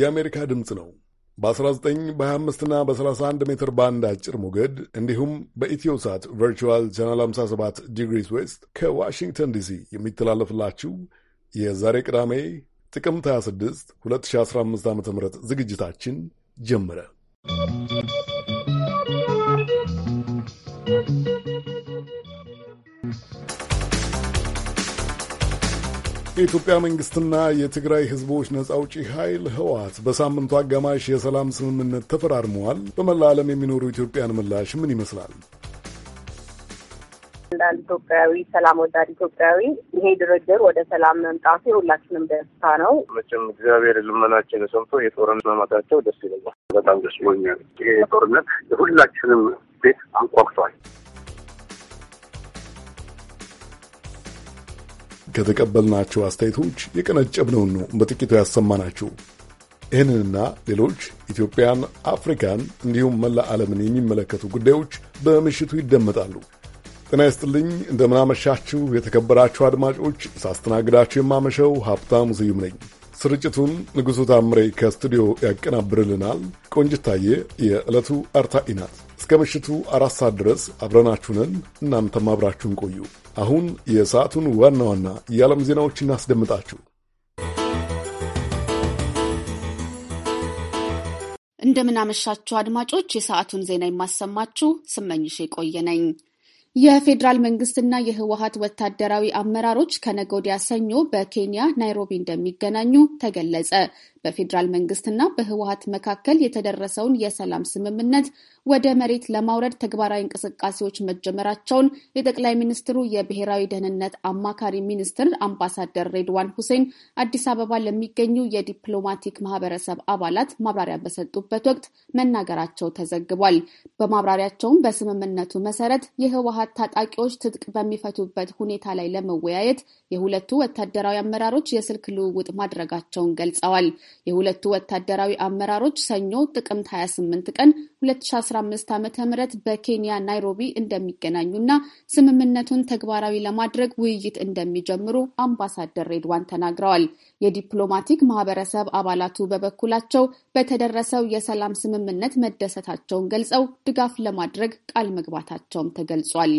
የአሜሪካ ድምፅ ነው። በ19 በ25ና በ31 ሜትር ባንድ አጭር ሞገድ እንዲሁም ሳት ቨርቹዋል ቻናል 57 ዲግሪስ ዌስት ከዋሽንግተን ዲሲ የሚተላለፍላችሁ የዛሬ ቅዳሜ ጥቅምት 26 2015 ዓ ም ዝግጅታችን ጀመረ። የኢትዮጵያ መንግስትና የትግራይ ህዝቦች ነጻ አውጪ ኃይል ህወሓት በሳምንቱ አጋማሽ የሰላም ስምምነት ተፈራርመዋል። በመላ ዓለም የሚኖሩ ኢትዮጵያን ምላሽ ምን ይመስላል? አንዳንድ ኢትዮጵያዊ፣ ሰላም ወዳድ ኢትዮጵያዊ ይሄ ድርድር ወደ ሰላም መምጣቱ የሁላችንም ደስታ ነው። መቼም እግዚአብሔር ልመናችን ሰምቶ የጦርነት መማታቸው ደስ ይለዋል። በጣም ደስ ብሎኛል። ይሄ ጦርነት የሁላችንም ቤት አንኳኩቷል። ከተቀበልናቸው አስተያየቶች የቀነጨብነውን ነው በጥቂቱ ያሰማናችሁ። ይህንንና ሌሎች ኢትዮጵያን፣ አፍሪካን እንዲሁም መላ ዓለምን የሚመለከቱ ጉዳዮች በምሽቱ ይደመጣሉ። ጤና ይስጥልኝ፣ እንደምናመሻችሁ የተከበራችሁ አድማጮች። ሳስተናግዳችሁ የማመሸው ሀብታሙ ስዩም ነኝ። ስርጭቱን ንጉሡ ታምሬ ከስቱዲዮ ያቀናብርልናል። ቆንጅታዬ የዕለቱ አርታኢ ናት። እስከ ምሽቱ አራት ሰዓት ድረስ አብረናችሁንን እናንተም አብራችሁን ቆዩ። አሁን የሰዓቱን ዋና ዋና የዓለም ዜናዎች እናስደምጣችሁ። እንደምናመሻችሁ አድማጮች፣ የሰዓቱን ዜና የማሰማችሁ ስመኝሽ የቆየ ነኝ። የፌዴራል መንግስትና የህወሀት ወታደራዊ አመራሮች ከነገ ወዲያ ሰኞ በኬንያ ናይሮቢ እንደሚገናኙ ተገለጸ። በፌዴራል መንግስትና በህወሀት መካከል የተደረሰውን የሰላም ስምምነት ወደ መሬት ለማውረድ ተግባራዊ እንቅስቃሴዎች መጀመራቸውን የጠቅላይ ሚኒስትሩ የብሔራዊ ደህንነት አማካሪ ሚኒስትር አምባሳደር ሬድዋን ሁሴን አዲስ አበባ ለሚገኙ የዲፕሎማቲክ ማህበረሰብ አባላት ማብራሪያ በሰጡበት ወቅት መናገራቸው ተዘግቧል። በማብራሪያቸውም በስምምነቱ መሰረት የህወሀት ታጣቂዎች ትጥቅ በሚፈቱበት ሁኔታ ላይ ለመወያየት የሁለቱ ወታደራዊ አመራሮች የስልክ ልውውጥ ማድረጋቸውን ገልጸዋል። የሁለቱ ወታደራዊ አመራሮች ሰኞ ጥቅምት 28 ቀን 2015 ዓ ም በኬንያ ናይሮቢ እንደሚገናኙና ስምምነቱን ተግባራዊ ለማድረግ ውይይት እንደሚጀምሩ አምባሳደር ሬድዋን ተናግረዋል። የዲፕሎማቲክ ማህበረሰብ አባላቱ በበኩላቸው በተደረሰው የሰላም ስምምነት መደሰታቸውን ገልጸው ድጋፍ ለማድረግ ቃል መግባታቸውም ተገልጿል።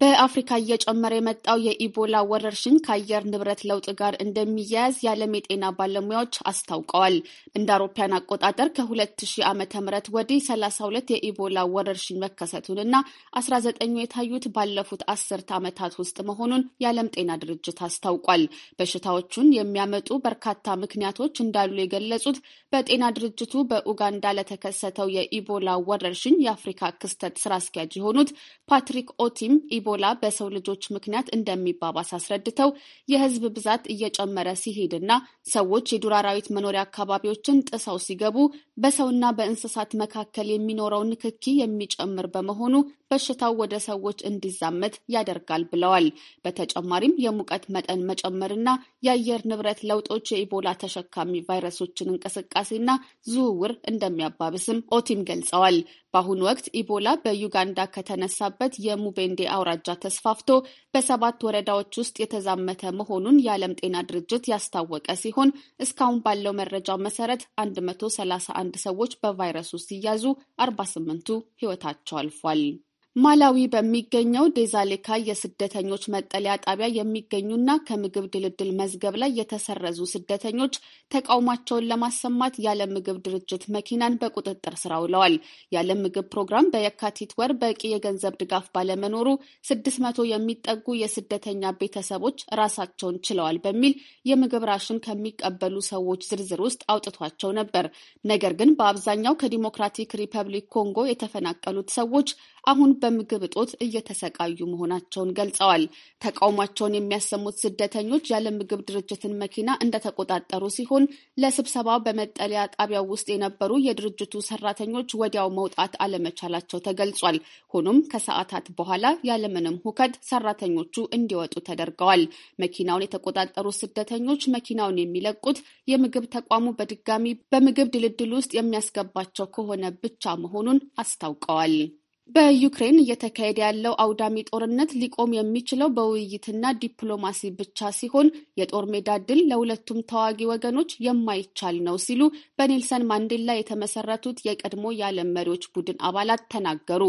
በአፍሪካ እየጨመረ የመጣው የኢቦላ ወረርሽኝ ከአየር ንብረት ለውጥ ጋር እንደሚያያዝ የዓለም የጤና ባለሙያዎች አስታውቀዋል። እንደ አውሮፓያን አቆጣጠር ከ2000 ዓ ም ወዲህ 32 የኢቦላ ወረርሽኝ መከሰቱንና 19ኙ የታዩት ባለፉት አስርት ዓመታት ውስጥ መሆኑን የዓለም ጤና ድርጅት አስታውቋል። በሽታዎቹን የሚያመጡ በርካታ ምክንያቶች እንዳሉ የገለጹት በጤና ድርጅቱ በኡጋንዳ ለተከሰተው የኢቦላ ወረርሽኝ የአፍሪካ ክስተት ስራ አስኪያጅ የሆኑት ፓትሪክ ኦቲም ኢቦላ በሰው ልጆች ምክንያት እንደሚባባስ አስረድተው የህዝብ ብዛት እየጨመረ ሲሄድና ሰዎች የዱር አራዊት መኖሪያ አካባቢዎችን ጥሰው ሲገቡ በሰውና በእንስሳት መካከል የሚኖረው ንክኪ የሚጨምር በመሆኑ በሽታው ወደ ሰዎች እንዲዛመት ያደርጋል ብለዋል። በተጨማሪም የሙቀት መጠን መጨመርና የአየር ንብረት ለውጦች የኢቦላ ተሸካሚ ቫይረሶችን እንቅስቃሴና ዝውውር እንደሚያባብስም ኦቲም ገልጸዋል። በአሁኑ ወቅት ኢቦላ በዩጋንዳ ከተነሳበት የሙቤንዴ አውራ አውራጃ ተስፋፍቶ በሰባት ወረዳዎች ውስጥ የተዛመተ መሆኑን የዓለም ጤና ድርጅት ያስታወቀ ሲሆን እስካሁን ባለው መረጃ መሰረት 131 ሰዎች በቫይረሱ ሲያዙ 48ቱ ሕይወታቸው አልፏል። ማላዊ በሚገኘው ዴዛሌካ የስደተኞች መጠለያ ጣቢያ የሚገኙና ከምግብ ድልድል መዝገብ ላይ የተሰረዙ ስደተኞች ተቃውሟቸውን ለማሰማት ያለ ምግብ ድርጅት መኪናን በቁጥጥር ስር ውለዋል። ያለ ምግብ ፕሮግራም በየካቲት ወር በቂ የገንዘብ ድጋፍ ባለመኖሩ ስድስት መቶ የሚጠጉ የስደተኛ ቤተሰቦች ራሳቸውን ችለዋል በሚል የምግብ ራሽን ከሚቀበሉ ሰዎች ዝርዝር ውስጥ አውጥቷቸው ነበር። ነገር ግን በአብዛኛው ከዲሞክራቲክ ሪፐብሊክ ኮንጎ የተፈናቀሉት ሰዎች አሁን በምግብ እጦት እየተሰቃዩ መሆናቸውን ገልጸዋል። ተቃውሟቸውን የሚያሰሙት ስደተኞች ያለ ምግብ ድርጅትን መኪና እንደተቆጣጠሩ ሲሆን ለስብሰባ በመጠለያ ጣቢያው ውስጥ የነበሩ የድርጅቱ ሰራተኞች ወዲያው መውጣት አለመቻላቸው ተገልጿል። ሆኖም ከሰዓታት በኋላ ያለምንም ሁከት ሰራተኞቹ እንዲወጡ ተደርገዋል። መኪናውን የተቆጣጠሩ ስደተኞች መኪናውን የሚለቁት የምግብ ተቋሙ በድጋሚ በምግብ ድልድል ውስጥ የሚያስገባቸው ከሆነ ብቻ መሆኑን አስታውቀዋል። በዩክሬን እየተካሄደ ያለው አውዳሚ ጦርነት ሊቆም የሚችለው በውይይትና ዲፕሎማሲ ብቻ ሲሆን የጦር ሜዳ ድል ለሁለቱም ተዋጊ ወገኖች የማይቻል ነው ሲሉ በኔልሰን ማንዴላ የተመሰረቱት የቀድሞ የዓለም መሪዎች ቡድን አባላት ተናገሩ።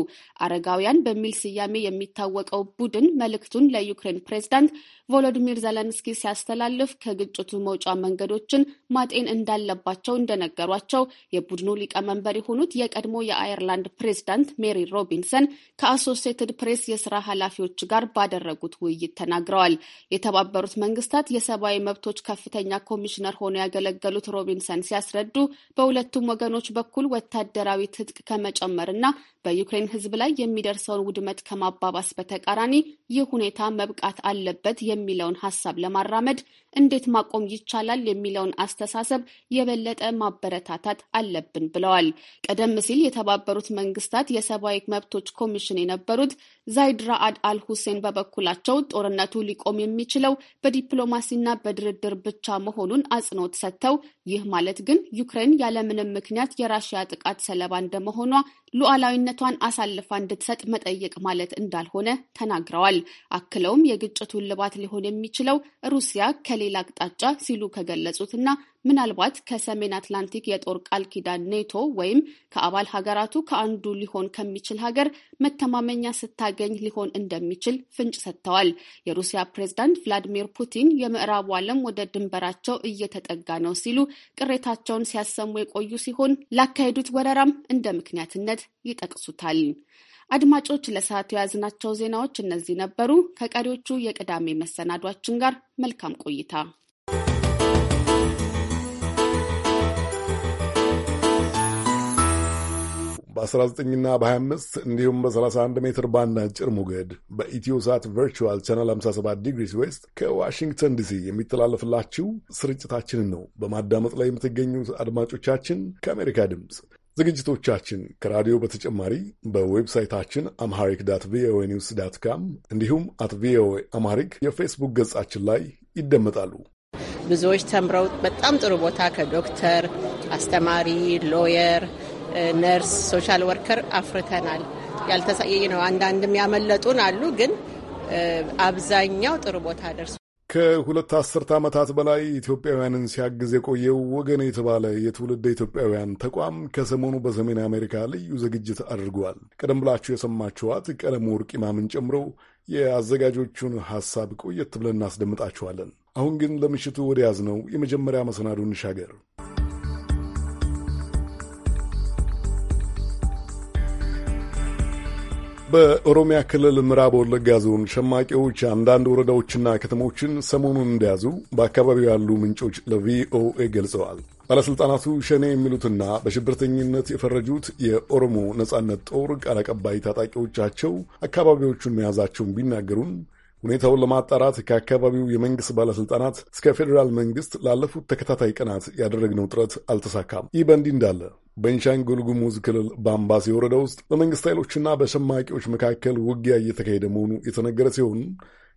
አረጋውያን በሚል ስያሜ የሚታወቀው ቡድን መልእክቱን ለዩክሬን ፕሬዝዳንት ቮሎዲሚር ዘለንስኪ ሲያስተላልፍ ከግጭቱ መውጫ መንገዶችን ማጤን እንዳለባቸው እንደነገሯቸው የቡድኑ ሊቀመንበር የሆኑት የቀድሞ የአየርላንድ ፕሬዝዳንት ሜሪ ሮቢንሰን ከአሶሴትድ ፕሬስ የስራ ኃላፊዎች ጋር ባደረጉት ውይይት ተናግረዋል። የተባበሩት መንግስታት የሰብአዊ መብቶች ከፍተኛ ኮሚሽነር ሆነው ያገለገሉት ሮቢንሰን ሲያስረዱ በሁለቱም ወገኖች በኩል ወታደራዊ ትጥቅ ከመጨመር እና በዩክሬን ሕዝብ ላይ የሚደርሰውን ውድመት ከማባባስ በተቃራኒ ይህ ሁኔታ መብቃት አለበት የሚለውን ሀሳብ ለማራመድ እንዴት ማቆም ይቻላል የሚለውን አስተሳሰብ የበለጠ ማበረታታት አለብን ብለዋል። ቀደም ሲል የተባበሩት መንግስታት የሰብአዊ መብቶች ኮሚሽን የነበሩት ዛይድ ራአድ አል ሁሴን በበኩላቸው ጦርነቱ ሊቆም የሚችለው በዲፕሎማሲና በድርድር ብቻ መሆኑን አጽንኦት ሰጥተው ይህ ማለት ግን ዩክሬን ያለምንም ምክንያት የራሽያ ጥቃት ሰለባ እንደመሆኗ ሉዓላዊነቷን አሳልፋ እንድትሰጥ መጠየቅ ማለት እንዳልሆነ ተናግረዋል። አክለውም የግጭቱ እልባት ሊሆን የሚችለው ሩሲያ ከ ከሌላ አቅጣጫ ሲሉ ከገለጹትና ምናልባት ከሰሜን አትላንቲክ የጦር ቃል ኪዳን ኔቶ ወይም ከአባል ሀገራቱ ከአንዱ ሊሆን ከሚችል ሀገር መተማመኛ ስታገኝ ሊሆን እንደሚችል ፍንጭ ሰጥተዋል። የሩሲያ ፕሬዝዳንት ቭላዲሚር ፑቲን የምዕራቡ ዓለም ወደ ድንበራቸው እየተጠጋ ነው ሲሉ ቅሬታቸውን ሲያሰሙ የቆዩ ሲሆን ላካሄዱት ወረራም እንደ ምክንያትነት ይጠቅሱታል። አድማጮች፣ ለሰዓቱ የያዝናቸው ዜናዎች እነዚህ ነበሩ። ከቀሪዎቹ የቅዳሜ መሰናዷችን ጋር መልካም ቆይታ። በ19ና በ25 እንዲሁም በ31 ሜትር ባንድ አጭር ሞገድ በኢትዮ ሳት ቨርቹዋል ቻናል 57 ዲግሪስ ዌስት ከዋሽንግተን ዲሲ የሚተላለፍላችሁ ስርጭታችንን ነው በማዳመጥ ላይ የምትገኙት አድማጮቻችን። ከአሜሪካ ድምፅ ዝግጅቶቻችን ከራዲዮ በተጨማሪ በዌብሳይታችን አምሃሪክ ዳት ቪኦኤ ኒውስ ዳት ካም እንዲሁም አት ቪኦኤ አምሃሪክ የፌስቡክ ገጻችን ላይ ይደመጣሉ። ብዙዎች ተምረው በጣም ጥሩ ቦታ ከዶክተር፣ አስተማሪ፣ ሎየር፣ ነርስ፣ ሶሻል ወርከር አፍርተናል። ያልተሳየ ነው። አንዳንድም ያመለጡን አሉ ግን አብዛኛው ጥሩ ቦታ ደርሶ ከሁለት አስርት ዓመታት በላይ ኢትዮጵያውያንን ሲያግዝ የቆየው ወገን የተባለ የትውልድ ኢትዮጵያውያን ተቋም ከሰሞኑ በሰሜን አሜሪካ ልዩ ዝግጅት አድርጓል። ቀደም ብላችሁ የሰማችኋት ቀለም ወርቅ ማምን ጨምሮ የአዘጋጆቹን ሐሳብ ቆየት ብለን እናስደምጣችኋለን። አሁን ግን ለምሽቱ ወደ ያዝነው የመጀመሪያ መሰናዱ እንሻገር። በኦሮሚያ ክልል ምዕራብ ወለጋ ዞን ሸማቂዎች አንዳንድ ወረዳዎችና ከተሞችን ሰሞኑን እንደያዙ በአካባቢው ያሉ ምንጮች ለቪኦኤ ገልጸዋል። ባለሥልጣናቱ ሸኔ የሚሉትና በሽብርተኝነት የፈረጁት የኦሮሞ ነጻነት ጦር ቃል አቀባይ ታጣቂዎቻቸው አካባቢዎቹን መያዛቸውን ቢናገሩም ሁኔታውን ለማጣራት ከአካባቢው የመንግስት ባለስልጣናት እስከ ፌዴራል መንግስት ላለፉት ተከታታይ ቀናት ያደረግነው ጥረት አልተሳካም። ይህ በእንዲህ እንዳለ በቤንሻንጉል ጉሙዝ ክልል በአምባሴ ወረዳ ውስጥ በመንግስት ኃይሎችና በሸማቂዎች መካከል ውጊያ እየተካሄደ መሆኑ የተነገረ ሲሆን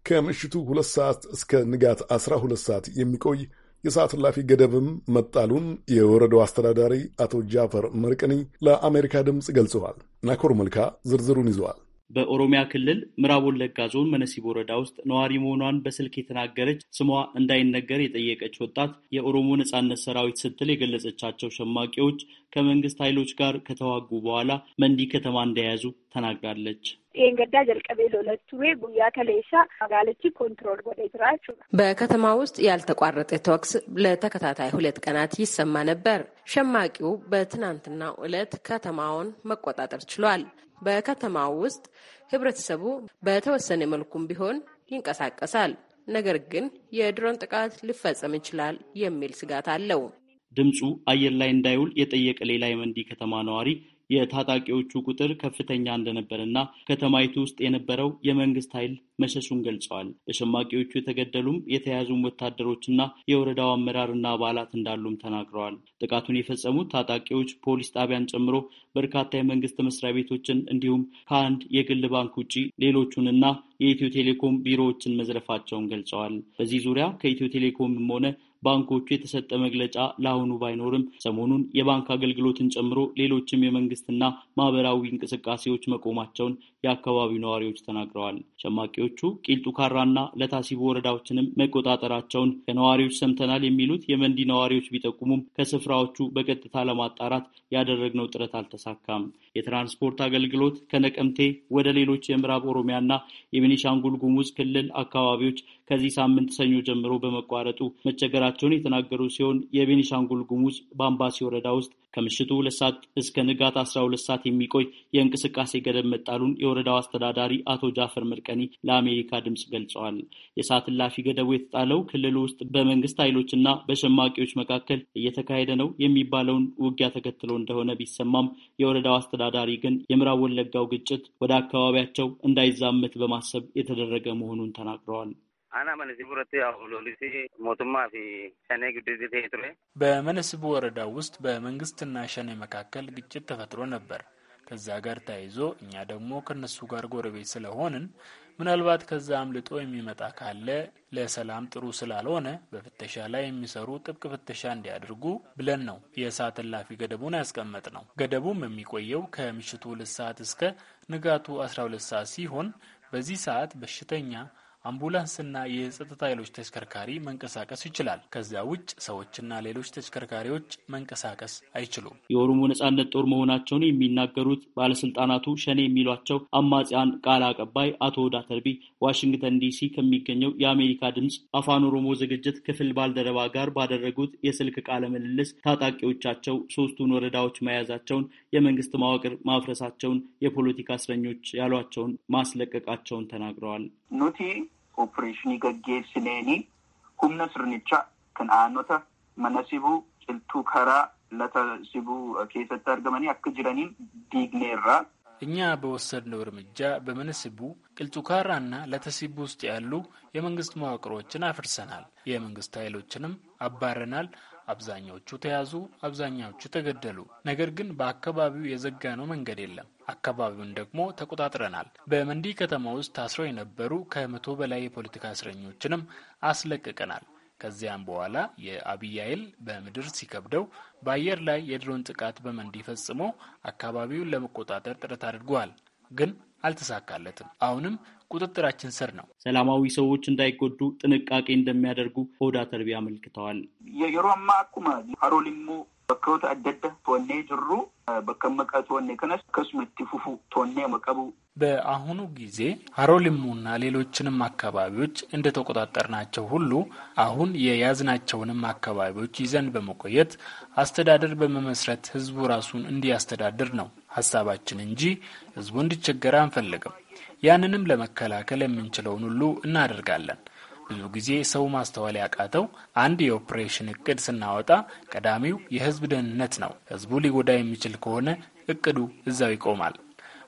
ከምሽቱ ሁለት ሰዓት እስከ ንጋት አስራ ሁለት ሰዓት የሚቆይ የሰዓት እላፊ ገደብም መጣሉን የወረዳው አስተዳዳሪ አቶ ጃፈር መርቅኒ ለአሜሪካ ድምፅ ገልጸዋል። ናኮር መልካ ዝርዝሩን ይዘዋል። በኦሮሚያ ክልል ምዕራብ ወለጋ ዞን መነሲብ ወረዳ ውስጥ ነዋሪ መሆኗን በስልክ የተናገረች ስሟ እንዳይነገር የጠየቀች ወጣት የኦሮሞ ነጻነት ሰራዊት ስትል የገለጸቻቸው ሸማቂዎች ከመንግስት ኃይሎች ጋር ከተዋጉ በኋላ መንዲ ከተማ እንደያዙ ተናግራለች። በከተማ ውስጥ ያልተቋረጠ ተኩስ ለተከታታይ ሁለት ቀናት ይሰማ ነበር። ሸማቂው በትናንትናው ዕለት ከተማውን መቆጣጠር ችሏል። በከተማው ውስጥ ህብረተሰቡ በተወሰነ መልኩም ቢሆን ይንቀሳቀሳል። ነገር ግን የድሮን ጥቃት ሊፈጸም ይችላል የሚል ስጋት አለው። ድምፁ አየር ላይ እንዳይውል የጠየቀ ሌላ የመንዲ ከተማ ነዋሪ የታጣቂዎቹ ቁጥር ከፍተኛ እንደነበረና ከተማይቱ ውስጥ የነበረው የመንግስት ኃይል መሸሹን ገልጸዋል። በሸማቂዎቹ የተገደሉም የተያዙም ወታደሮችና የወረዳው አመራርና አባላት እንዳሉም ተናግረዋል። ጥቃቱን የፈጸሙት ታጣቂዎች ፖሊስ ጣቢያን ጨምሮ በርካታ የመንግስት መስሪያ ቤቶችን እንዲሁም ከአንድ የግል ባንክ ውጪ ሌሎቹንና የኢትዮ ቴሌኮም ቢሮዎችን መዝረፋቸውን ገልጸዋል። በዚህ ዙሪያ ከኢትዮ ቴሌኮምም ሆነ ባንኮቹ የተሰጠ መግለጫ ለአሁኑ ባይኖርም ሰሞኑን የባንክ አገልግሎትን ጨምሮ ሌሎችም የመንግስትና ማህበራዊ እንቅስቃሴዎች መቆማቸውን የአካባቢው ነዋሪዎች ተናግረዋል። ሸማቂዎቹ ቂልጡ ካራና ለታሲቡ ወረዳዎችንም መቆጣጠራቸውን ከነዋሪዎች ሰምተናል የሚሉት የመንዲ ነዋሪዎች ቢጠቁሙም ከስፍራዎቹ በቀጥታ ለማጣራት ያደረግነው ጥረት አልተሳካም። የትራንስፖርት አገልግሎት ከነቀምቴ ወደ ሌሎች የምዕራብ ኦሮሚያና የቤኒሻንጉል ጉሙዝ ክልል አካባቢዎች ከዚህ ሳምንት ሰኞ ጀምሮ በመቋረጡ መቸገራቸውን የተናገሩ ሲሆን የቤኒሻንጉል ጉሙዝ በአምባሲ ወረዳ ውስጥ ከምሽቱ ሁለት ሰዓት እስከ ንጋት አስራ ሁለት ሰዓት የሚቆይ የእንቅስቃሴ ገደብ መጣሉን የወረዳው አስተዳዳሪ አቶ ጃፈር መርቀኒ ለአሜሪካ ድምፅ ገልጸዋል። የሰዓት እላፊ ገደቡ የተጣለው ክልሉ ውስጥ በመንግስት ኃይሎችና በሸማቂዎች መካከል እየተካሄደ ነው የሚባለውን ውጊያ ተከትሎ እንደሆነ ቢሰማም የወረዳው አስተዳዳሪ ግን የምዕራብ ወለጋው ግጭት ወደ አካባቢያቸው እንዳይዛመት በማሰብ የተደረገ መሆኑን ተናግረዋል። አናመነሲቡ ረት አሁሎሊሲ ሞቱማ ፊ ሸኔ ግድት ቴትሬ በመነስቡ ወረዳ ውስጥ በመንግስትና ሸኔ መካከል ግጭት ተፈጥሮ ነበር። ከዛ ጋር ተያይዞ እኛ ደግሞ ከነሱ ጋር ጎረቤት ስለሆንን ምናልባት ከዛ አምልጦ የሚመጣ ካለ ለሰላም ጥሩ ስላልሆነ በፍተሻ ላይ የሚሰሩ ጥብቅ ፍተሻ እንዲያደርጉ ብለን ነው የሰዓት እላፊ ገደቡን ያስቀመጥ ነው። ገደቡም የሚቆየው ከምሽቱ ሁለት ሰዓት እስከ ንጋቱ 12 ሰዓት ሲሆን በዚህ ሰዓት በሽተኛ አምቡላንስና የጸጥታ ኃይሎች ተሽከርካሪ መንቀሳቀስ ይችላል። ከዚያ ውጭ ሰዎችና ሌሎች ተሽከርካሪዎች መንቀሳቀስ አይችሉም። የኦሮሞ ነጻነት ጦር መሆናቸውን የሚናገሩት ባለስልጣናቱ ሸኔ የሚሏቸው አማጽያን ቃል አቀባይ አቶ ኦዳ ተርቢ ዋሽንግተን ዲሲ ከሚገኘው የአሜሪካ ድምፅ አፋን ኦሮሞ ዝግጅት ክፍል ባልደረባ ጋር ባደረጉት የስልክ ቃለ ምልልስ ታጣቂዎቻቸው ሶስቱን ወረዳዎች መያዛቸውን የመንግስት መዋቅር ማፍረሳቸውን፣ የፖለቲካ እስረኞች ያሏቸውን ማስለቀቃቸውን ተናግረዋል። ኑቲ ኦፕሬሽን ገጌስኔኒ ሁምነ ስርንቻ ከነአኖተ መነሲቡ ጭልቱ ከራ ለተሲቡ ኬሰት አርገመኒ አክ ዲግኔራ እኛ በወሰድነው እርምጃ በምንስቡ ቅልጡካራና ለተሲቡ ውስጥ ያሉ የመንግስት መዋቅሮችን አፍርሰናል። የመንግስት ኃይሎችንም አባረናል። አብዛኛዎቹ ተያዙ፣ አብዛኛዎቹ ተገደሉ። ነገር ግን በአካባቢው የዘጋ ነው መንገድ የለም። አካባቢውን ደግሞ ተቆጣጥረናል። በመንዲ ከተማ ውስጥ ታስረው የነበሩ ከመቶ በላይ የፖለቲካ እስረኞችንም አስለቅቀናል። ከዚያም በኋላ የአብይ ኃይል በምድር ሲከብደው በአየር ላይ የድሮን ጥቃት በመንዲ ፈጽሞ አካባቢውን ለመቆጣጠር ጥረት አድርጓል ግን አልተሳካለትም። አሁንም ቁጥጥራችን ስር ነው። ሰላማዊ ሰዎች እንዳይጎዱ ጥንቃቄ እንደሚያደርጉ ሆዳ ተርቢ አመልክተዋል። የሮ አማኩማ አሮሊሞ በክሮት አደደ ቶኔ ጅሩ በከመቀ ቶኔ ከነስ ከሱመቲ ፉፉ ቶኔ መቀቡ በአሁኑ ጊዜ አሮሊሙና ሌሎችንም አካባቢዎች እንደተቆጣጠርናቸው ሁሉ አሁን የያዝናቸውንም አካባቢዎች ይዘን በመቆየት አስተዳደር በመመስረት ህዝቡ ራሱን እንዲያስተዳድር ነው ሀሳባችን እንጂ ህዝቡ እንዲቸገር አንፈልግም። ያንንም ለመከላከል የምንችለውን ሁሉ እናደርጋለን። ብዙ ጊዜ ሰው ማስተዋል ያቃተው አንድ የኦፕሬሽን እቅድ ስናወጣ ቀዳሚው የህዝብ ደህንነት ነው። ህዝቡ ሊጎዳ የሚችል ከሆነ እቅዱ እዛው ይቆማል።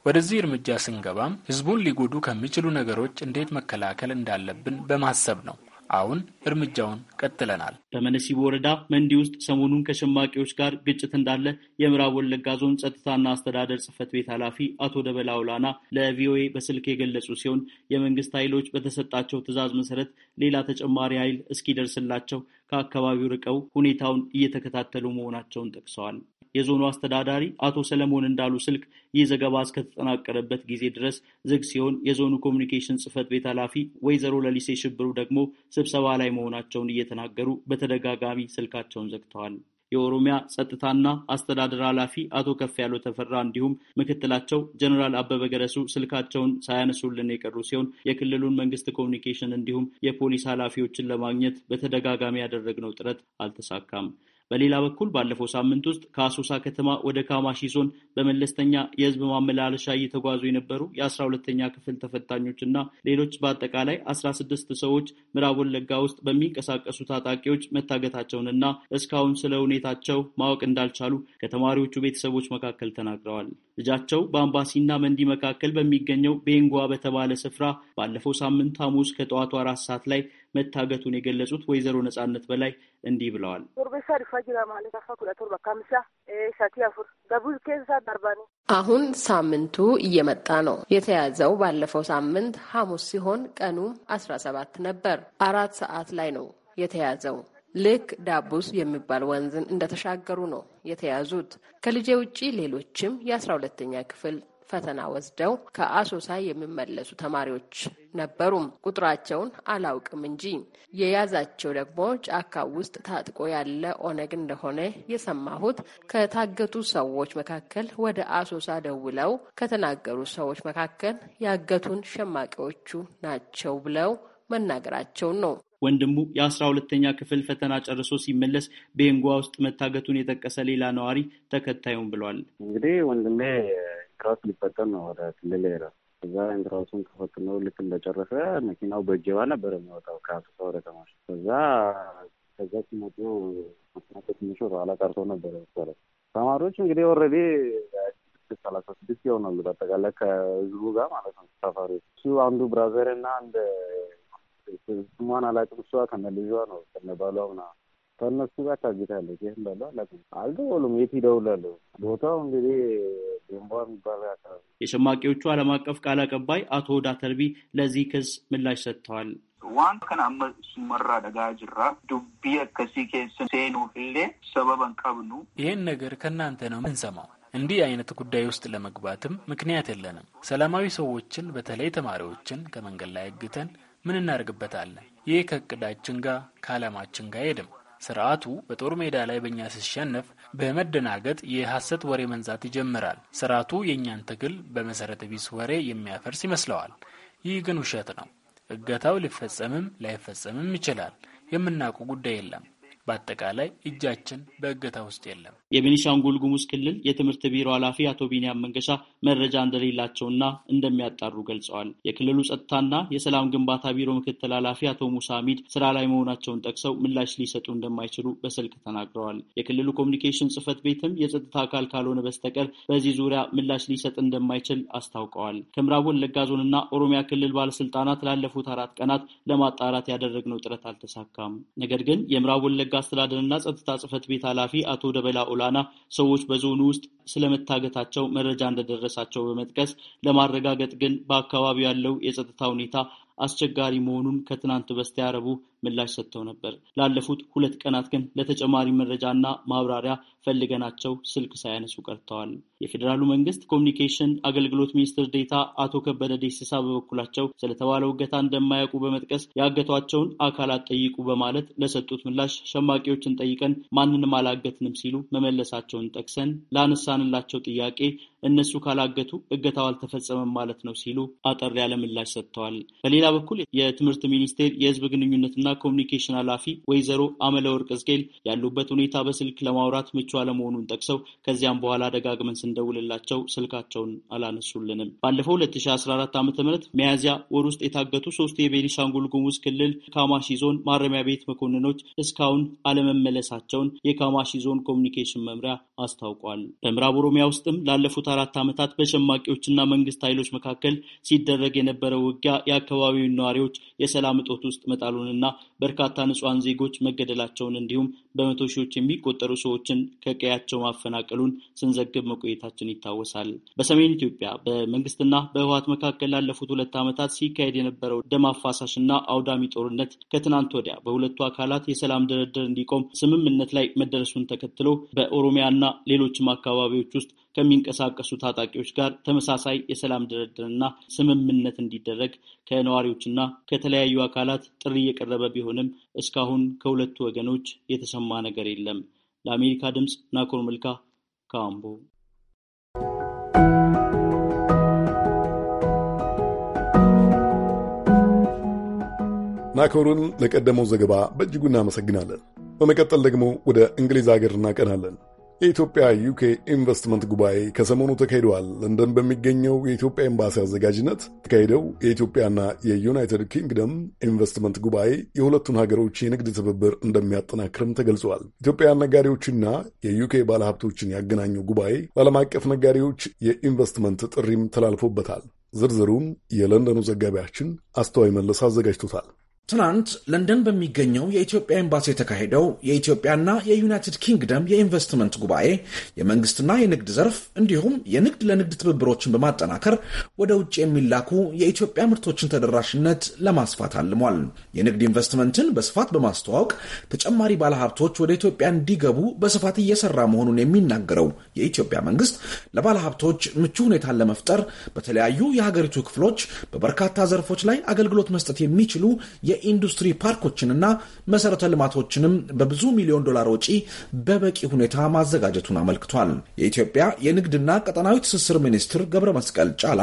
ወደዚህ እርምጃ ስንገባም ህዝቡን ሊጎዱ ከሚችሉ ነገሮች እንዴት መከላከል እንዳለብን በማሰብ ነው። አሁን እርምጃውን ቀጥለናል። በመነሲቡ ወረዳ መንዲ ውስጥ ሰሞኑን ከሸማቂዎች ጋር ግጭት እንዳለ የምዕራብ ወለጋ ዞን ጸጥታና አስተዳደር ጽሕፈት ቤት ኃላፊ አቶ ደበላ ውላና ለቪኦኤ በስልክ የገለጹ ሲሆን የመንግስት ኃይሎች በተሰጣቸው ትዕዛዝ መሰረት ሌላ ተጨማሪ ኃይል እስኪደርስላቸው ከአካባቢው ርቀው ሁኔታውን እየተከታተሉ መሆናቸውን ጠቅሰዋል። የዞኑ አስተዳዳሪ አቶ ሰለሞን እንዳሉ ስልክ ይህ ዘገባ እስከተጠናቀረበት ጊዜ ድረስ ዝግ ሲሆን የዞኑ ኮሚኒኬሽን ጽህፈት ቤት ኃላፊ ወይዘሮ ለሊሴ ሽብሩ ደግሞ ስብሰባ ላይ መሆናቸውን እየተናገሩ በተደጋጋሚ ስልካቸውን ዘግተዋል። የኦሮሚያ ጸጥታና አስተዳደር ኃላፊ አቶ ከፍ ያለው ተፈራ እንዲሁም ምክትላቸው ጀኔራል አበበ ገረሱ ስልካቸውን ሳያነሱልን የቀሩ ሲሆን የክልሉን መንግስት ኮሚኒኬሽን እንዲሁም የፖሊስ ኃላፊዎችን ለማግኘት በተደጋጋሚ ያደረግነው ጥረት አልተሳካም። በሌላ በኩል ባለፈው ሳምንት ውስጥ ከአሶሳ ከተማ ወደ ካማሺ ዞን በመለስተኛ የህዝብ ማመላለሻ እየተጓዙ የነበሩ የአስራ ሁለተኛ ክፍል ተፈታኞች እና ሌሎች በአጠቃላይ አስራ ስድስት ሰዎች ምዕራብ ወለጋ ውስጥ በሚንቀሳቀሱ ታጣቂዎች መታገታቸውንና እስካሁን ስለ ሁኔታቸው ማወቅ እንዳልቻሉ ከተማሪዎቹ ቤተሰቦች መካከል ተናግረዋል። ልጃቸው በአምባሲና መንዲ መካከል በሚገኘው ቤንጓ በተባለ ስፍራ ባለፈው ሳምንት ሐሙስ ከጠዋቱ አራት ሰዓት ላይ መታገቱን የገለጹት ወይዘሮ ነጻነት በላይ እንዲህ ብለዋል። አሁን ሳምንቱ እየመጣ ነው። የተያዘው ባለፈው ሳምንት ሐሙስ ሲሆን ቀኑ አስራ ሰባት ነበር። አራት ሰዓት ላይ ነው የተያዘው ልክ ዳቡስ የሚባል ወንዝን እንደተሻገሩ ነው የተያዙት። ከልጄ ውጪ ሌሎችም የአስራ ሁለተኛ ክፍል ፈተና ወስደው ከአሶሳ የሚመለሱ ተማሪዎች ነበሩም። ቁጥራቸውን አላውቅም እንጂ የያዛቸው ደግሞ ጫካ ውስጥ ታጥቆ ያለ ኦነግ እንደሆነ የሰማሁት ከታገቱ ሰዎች መካከል ወደ አሶሳ ደውለው ከተናገሩ ሰዎች መካከል ያገቱን ሸማቂዎቹ ናቸው ብለው መናገራቸውን ነው። ወንድሙ የአስራ ሁለተኛ ክፍል ፈተና ጨርሶ ሲመለስ ቤንጓ ውስጥ መታገቱን የጠቀሰ ሌላ ነዋሪ ተከታዩም ብሏል። እንግዲህ ወንድሜ ኢንትራንስ ሊፈተን ነው ወደ ክልል ሄደ። እዛ ኢንትራንሱን ከፈትነው ልክ እንደጨረሰ መኪናው በእጀባ ነበር የሚወጣው ከአሶሳ ወደ ከማሽ እዛ ከዛ ሲመጡ መኪና ትንሹ ኋላ ቀርቶ ነበር መሰለኝ። ተማሪዎች እንግዲህ ኦልሬዲ ሰላሳ ስድስት ይሆናሉ በአጠቃላይ ከህዝቡ ጋር ማለት ነው ተሳፋሪዎች። እሱ አንዱ ብራዘር እና አንድ ስሟን አላውቅም። እሷ ከነልጇ ነው ከነባሏ ምናምን ከእነሱ ጋር ታግታለች። ይህም በላ አላውቅም። አልደወሉም። የት ይደውላሉ? ቦታው እንግዲህ ቤንቧ የሚባል አካባቢ። የሸማቂዎቹ ዓለም አቀፍ ቃል አቀባይ አቶ ኦዳ ተርቢ ለዚህ ክስ ምላሽ ሰጥተዋል። waan kana amma sumarraa dhagaa jirra dubbii akkasii keessa seenuuf illee sababan qabnu ይህን ነገር ከእናንተ ነው ምንሰማው። እንዲህ አይነት ጉዳይ ውስጥ ለመግባትም ምክንያት የለንም። ሰላማዊ ሰዎችን በተለይ ተማሪዎችን ከመንገድ ላይ አግተን ምን እናደርግበታለን? ይህ ከእቅዳችን ጋር ከዓላማችን ጋር ሄድም። ስርዓቱ በጦር ሜዳ ላይ በእኛ ሲሸነፍ በመደናገጥ የሐሰት ወሬ መንዛት ይጀምራል። ስርዓቱ የእኛን ትግል በመሰረተ ቢስ ወሬ የሚያፈርስ ይመስለዋል። ይህ ግን ውሸት ነው። እገታው ሊፈጸምም ላይፈጸምም ይችላል። የምናውቁ ጉዳይ የለም። በአጠቃላይ እጃችን በእገታ ውስጥ የለም። የቤኒሻንጉል ጉሙዝ ክልል የትምህርት ቢሮ ኃላፊ አቶ ቢንያም መንገሻ መረጃ እንደሌላቸውና እንደሚያጣሩ ገልጸዋል። የክልሉ ጸጥታና የሰላም ግንባታ ቢሮ ምክትል ኃላፊ አቶ ሙሳ አሚድ ስራ ላይ መሆናቸውን ጠቅሰው ምላሽ ሊሰጡ እንደማይችሉ በስልክ ተናግረዋል። የክልሉ ኮሚኒኬሽን ጽህፈት ቤትም የጸጥታ አካል ካልሆነ በስተቀር በዚህ ዙሪያ ምላሽ ሊሰጥ እንደማይችል አስታውቀዋል። ከምዕራብ ወለጋ ዞንና ኦሮሚያ ክልል ባለስልጣናት ላለፉት አራት ቀናት ለማጣራት ያደረግነው ጥረት አልተሳካም። ነገር ግን የምዕራብ ወለጋ አስተዳደርና ጸጥታ ጽህፈት ቤት ኃላፊ አቶ ደበላ ኦላ አውላና ሰዎች በዞኑ ውስጥ ስለመታገታቸው መረጃ እንደደረሳቸው በመጥቀስ ለማረጋገጥ ግን በአካባቢው ያለው የጸጥታ ሁኔታ አስቸጋሪ መሆኑን ከትናንት በስቲያ ረቡዕ ምላሽ ሰጥተው ነበር። ላለፉት ሁለት ቀናት ግን ለተጨማሪ መረጃና ማብራሪያ ፈልገናቸው ስልክ ሳያነሱ ቀርተዋል። የፌዴራሉ መንግስት ኮሚኒኬሽን አገልግሎት ሚኒስትር ዴታ አቶ ከበደ ደሲሳ በበኩላቸው ስለተባለው እገታ እንደማያውቁ በመጥቀስ ያገቷቸውን አካላት ጠይቁ በማለት ለሰጡት ምላሽ ሸማቂዎችን ጠይቀን ማንንም አላገትንም ሲሉ መመለሳቸውን ጠቅሰን ላነሳንላቸው ጥያቄ እነሱ ካላገቱ እገታው አልተፈጸመም ማለት ነው ሲሉ አጠር ያለ ምላሽ ሰጥተዋል። በሌላ በኩል የትምህርት ሚኒስቴር የህዝብ ግንኙነትና ኮሚኒኬሽን ኃላፊ ወይዘሮ ወርቅ ዝጌል ያሉበት ሁኔታ በስልክ ለማውራት ምቹ አለመሆኑን ጠቅሰው ከዚያም በኋላ ደጋግመን ስንደውልላቸው ስልካቸውን አላነሱልንም። ባለፈው 2014 ዓ ም ሚያዝያ ወር ውስጥ የታገቱ ሶስት የቤኒሻንጉል ጉሙዝ ክልል ካማሺ ዞን ማረሚያ ቤት መኮንኖች እስካሁን አለመመለሳቸውን የካማሺ ዞን ኮሚኒኬሽን መምሪያ አስታውቋል። በምዕራብ ኦሮሚያ ውስጥም ላለፉት አራት ዓመታት በሸማቂዎችና መንግስት ኃይሎች መካከል ሲደረግ የነበረው ውጊያ የአካባቢውን ነዋሪዎች የሰላም እጦት ውስጥ መጣሉንና በርካታ ንጹሐን ዜጎች መገደላቸውን እንዲሁም በመቶ ሺዎች የሚቆጠሩ ሰዎችን ከቀያቸው ማፈናቀሉን ስንዘግብ መቆየታችን ይታወሳል። በሰሜን ኢትዮጵያ በመንግስትና በህወሀት መካከል ላለፉት ሁለት ዓመታት ሲካሄድ የነበረው ደም አፋሳሽና አውዳሚ ጦርነት ከትናንት ወዲያ በሁለቱ አካላት የሰላም ድርድር እንዲቆም ስምምነት ላይ መደረሱን ተከትሎ በኦሮሚያና ሌሎችም አካባቢዎች ውስጥ ከሚንቀሳቀሱ ታጣቂዎች ጋር ተመሳሳይ የሰላም ድርድርና ስምምነት እንዲደረግ ከነዋሪዎችና ከተለያዩ አካላት ጥሪ የቀረበ ቢሆንም እስካሁን ከሁለቱ ወገኖች የተሰማ ነገር የለም። ለአሜሪካ ድምፅ ናኮር መልካ ካምቦ ናኮሩን ለቀደመው ዘገባ በእጅጉ እናመሰግናለን። በመቀጠል ደግሞ ወደ እንግሊዝ ሀገር እናቀናለን። የኢትዮጵያ ዩኬ ኢንቨስትመንት ጉባኤ ከሰሞኑ ተካሂደዋል። ለንደን በሚገኘው የኢትዮጵያ ኤምባሲ አዘጋጅነት ተካሄደው የኢትዮጵያና የዩናይትድ ኪንግደም ኢንቨስትመንት ጉባኤ የሁለቱን ሀገሮች የንግድ ትብብር እንደሚያጠናክርም ተገልጿል። ኢትዮጵያ ነጋዴዎችና የዩኬ ባለሀብቶችን ያገናኘው ጉባኤ ለዓለም አቀፍ ነጋዴዎች የኢንቨስትመንት ጥሪም ተላልፎበታል። ዝርዝሩን የለንደኑ ዘጋቢያችን አስተዋይ መለስ አዘጋጅቶታል። ትናንት ለንደን በሚገኘው የኢትዮጵያ ኤምባሲ የተካሄደው የኢትዮጵያና የዩናይትድ ኪንግደም የኢንቨስትመንት ጉባኤ የመንግስትና የንግድ ዘርፍ እንዲሁም የንግድ ለንግድ ትብብሮችን በማጠናከር ወደ ውጭ የሚላኩ የኢትዮጵያ ምርቶችን ተደራሽነት ለማስፋት አልሟል። የንግድ ኢንቨስትመንትን በስፋት በማስተዋወቅ ተጨማሪ ባለሀብቶች ወደ ኢትዮጵያ እንዲገቡ በስፋት እየሰራ መሆኑን የሚናገረው የኢትዮጵያ መንግስት ለባለሀብቶች ምቹ ሁኔታን ለመፍጠር በተለያዩ የሀገሪቱ ክፍሎች በበርካታ ዘርፎች ላይ አገልግሎት መስጠት የሚችሉ የኢንዱስትሪ ፓርኮችንና መሰረተ ልማቶችንም በብዙ ሚሊዮን ዶላር ወጪ በበቂ ሁኔታ ማዘጋጀቱን አመልክቷል። የኢትዮጵያ የንግድና ቀጠናዊ ትስስር ሚኒስትር ገብረ መስቀል ጫላ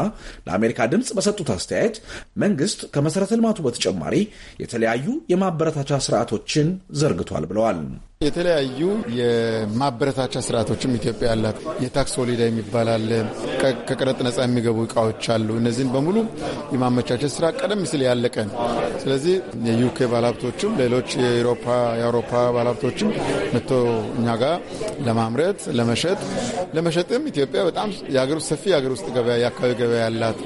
ለአሜሪካ ድምፅ በሰጡት አስተያየት መንግስት ከመሰረተ ልማቱ በተጨማሪ የተለያዩ የማበረታቻ ስርዓቶችን ዘርግቷል ብለዋል። የተለያዩ የማበረታቻ ስርዓቶችም ኢትዮጵያ ያላት የታክስ ሆሊዳ የሚባል አለ። ከቀረጥ ነጻ የሚገቡ እቃዎች አሉ። እነዚህን በሙሉ የማመቻቸት ስራ ቀደም ሲል ያለቀ ነው። ስለዚህ የዩኬ ባለሀብቶችም ሌሎች የአውሮፓ ባለሀብቶችም መጥቶ እኛ ጋር ለማምረት ለመሸጥ ለመሸጥም ኢትዮጵያ በጣም የሀገር ውስጥ ሰፊ የሀገር ውስጥ ገበያ የአካባቢ ገበያ ያላት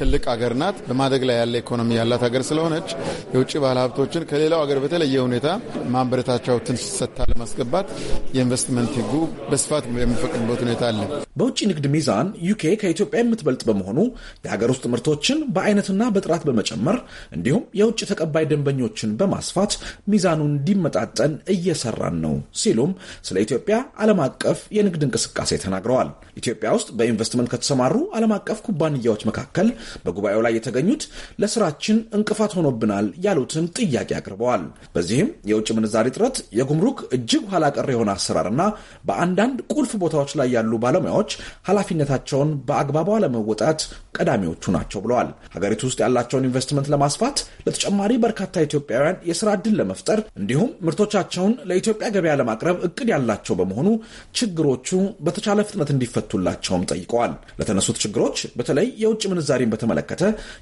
ትልቅ ሀገር ናት። በማደግ ላይ ያለ ኢኮኖሚ ያላት ሀገር ስለሆነች የውጭ ባለሀብቶችን ከሌላው ሀገር በተለየ ሁኔታ ማበረታቻዎትን ሰጥታ ለማስገባት የኢንቨስትመንት ህጉ በስፋት የሚፈቅድበት ሁኔታ አለ። በውጭ ንግድ ሚዛን ዩኬ ከኢትዮጵያ የምትበልጥ በመሆኑ የሀገር ውስጥ ምርቶችን በአይነትና በጥራት በመጨመር እንዲሁም የውጭ ተቀባይ ደንበኞችን በማስፋት ሚዛኑ እንዲመጣጠን እየሰራን ነው ሲሉም ስለ ኢትዮጵያ ዓለም አቀፍ የንግድ እንቅስቃሴ ተናግረዋል። ኢትዮጵያ ውስጥ በኢንቨስትመንት ከተሰማሩ ዓለም አቀፍ ኩባንያዎች መካከል በጉባኤው ላይ የተገኙት ለስራችን እንቅፋት ሆኖብናል ያሉትን ጥያቄ አቅርበዋል። በዚህም የውጭ ምንዛሪ እጥረት፣ የጉምሩክ እጅግ ኋላ ቀር የሆነ አሰራርና በአንዳንድ ቁልፍ ቦታዎች ላይ ያሉ ባለሙያዎች ባለሙያዎች ኃላፊነታቸውን በአግባቡ አለመወጣት ቀዳሚዎቹ ናቸው ብለዋል። ሀገሪቱ ውስጥ ያላቸውን ኢንቨስትመንት ለማስፋት፣ ለተጨማሪ በርካታ ኢትዮጵያውያን የስራ ዕድል ለመፍጠር እንዲሁም ምርቶቻቸውን ለኢትዮጵያ ገበያ ለማቅረብ እቅድ ያላቸው በመሆኑ ችግሮቹ በተቻለ ፍጥነት እንዲፈቱላቸውም ጠይቀዋል። ለተነሱት ችግሮች በተለይ የውጭ ምንዛሪን በተመለከተ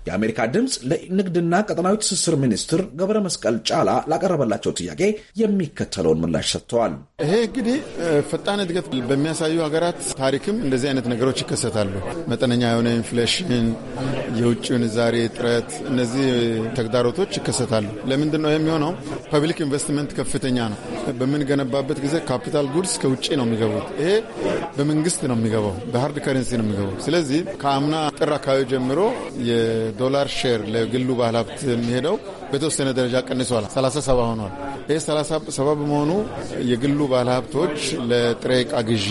የአሜሪካ ድምፅ ለንግድና ቀጠናዊ ትስስር ሚኒስትር ገብረ መስቀል ጫላ ላቀረበላቸው ጥያቄ የሚከተለውን ምላሽ ሰጥተዋል። ይሄ እንግዲህ ፈጣን እድገት በሚያሳዩ ሀገራት ታሪክ ሀገሮችም እንደዚህ አይነት ነገሮች ይከሰታሉ። መጠነኛ የሆነ ኢንፍሌሽን፣ የውጭ ምንዛሬ እጥረት፣ እነዚህ ተግዳሮቶች ይከሰታሉ። ለምንድን ነው የሚሆነው? ፐብሊክ ኢንቨስትመንት ከፍተኛ ነው። በምንገነባበት ጊዜ ካፒታል ጉድስ ከውጭ ነው የሚገቡት። ይሄ በመንግስት ነው የሚገባው፣ በሀርድ ከረንሲ ነው የሚገባው። ስለዚህ ከአምና ጥር አካባቢ ጀምሮ የዶላር ሼር ለግሉ ባለ ሀብት የሚሄደው በተወሰነ ደረጃ ቀንሷል። 37 ሆኗል። ይህ 37 በመሆኑ የግሉ ባለሀብቶች ለጥሬ እቃ ግዢ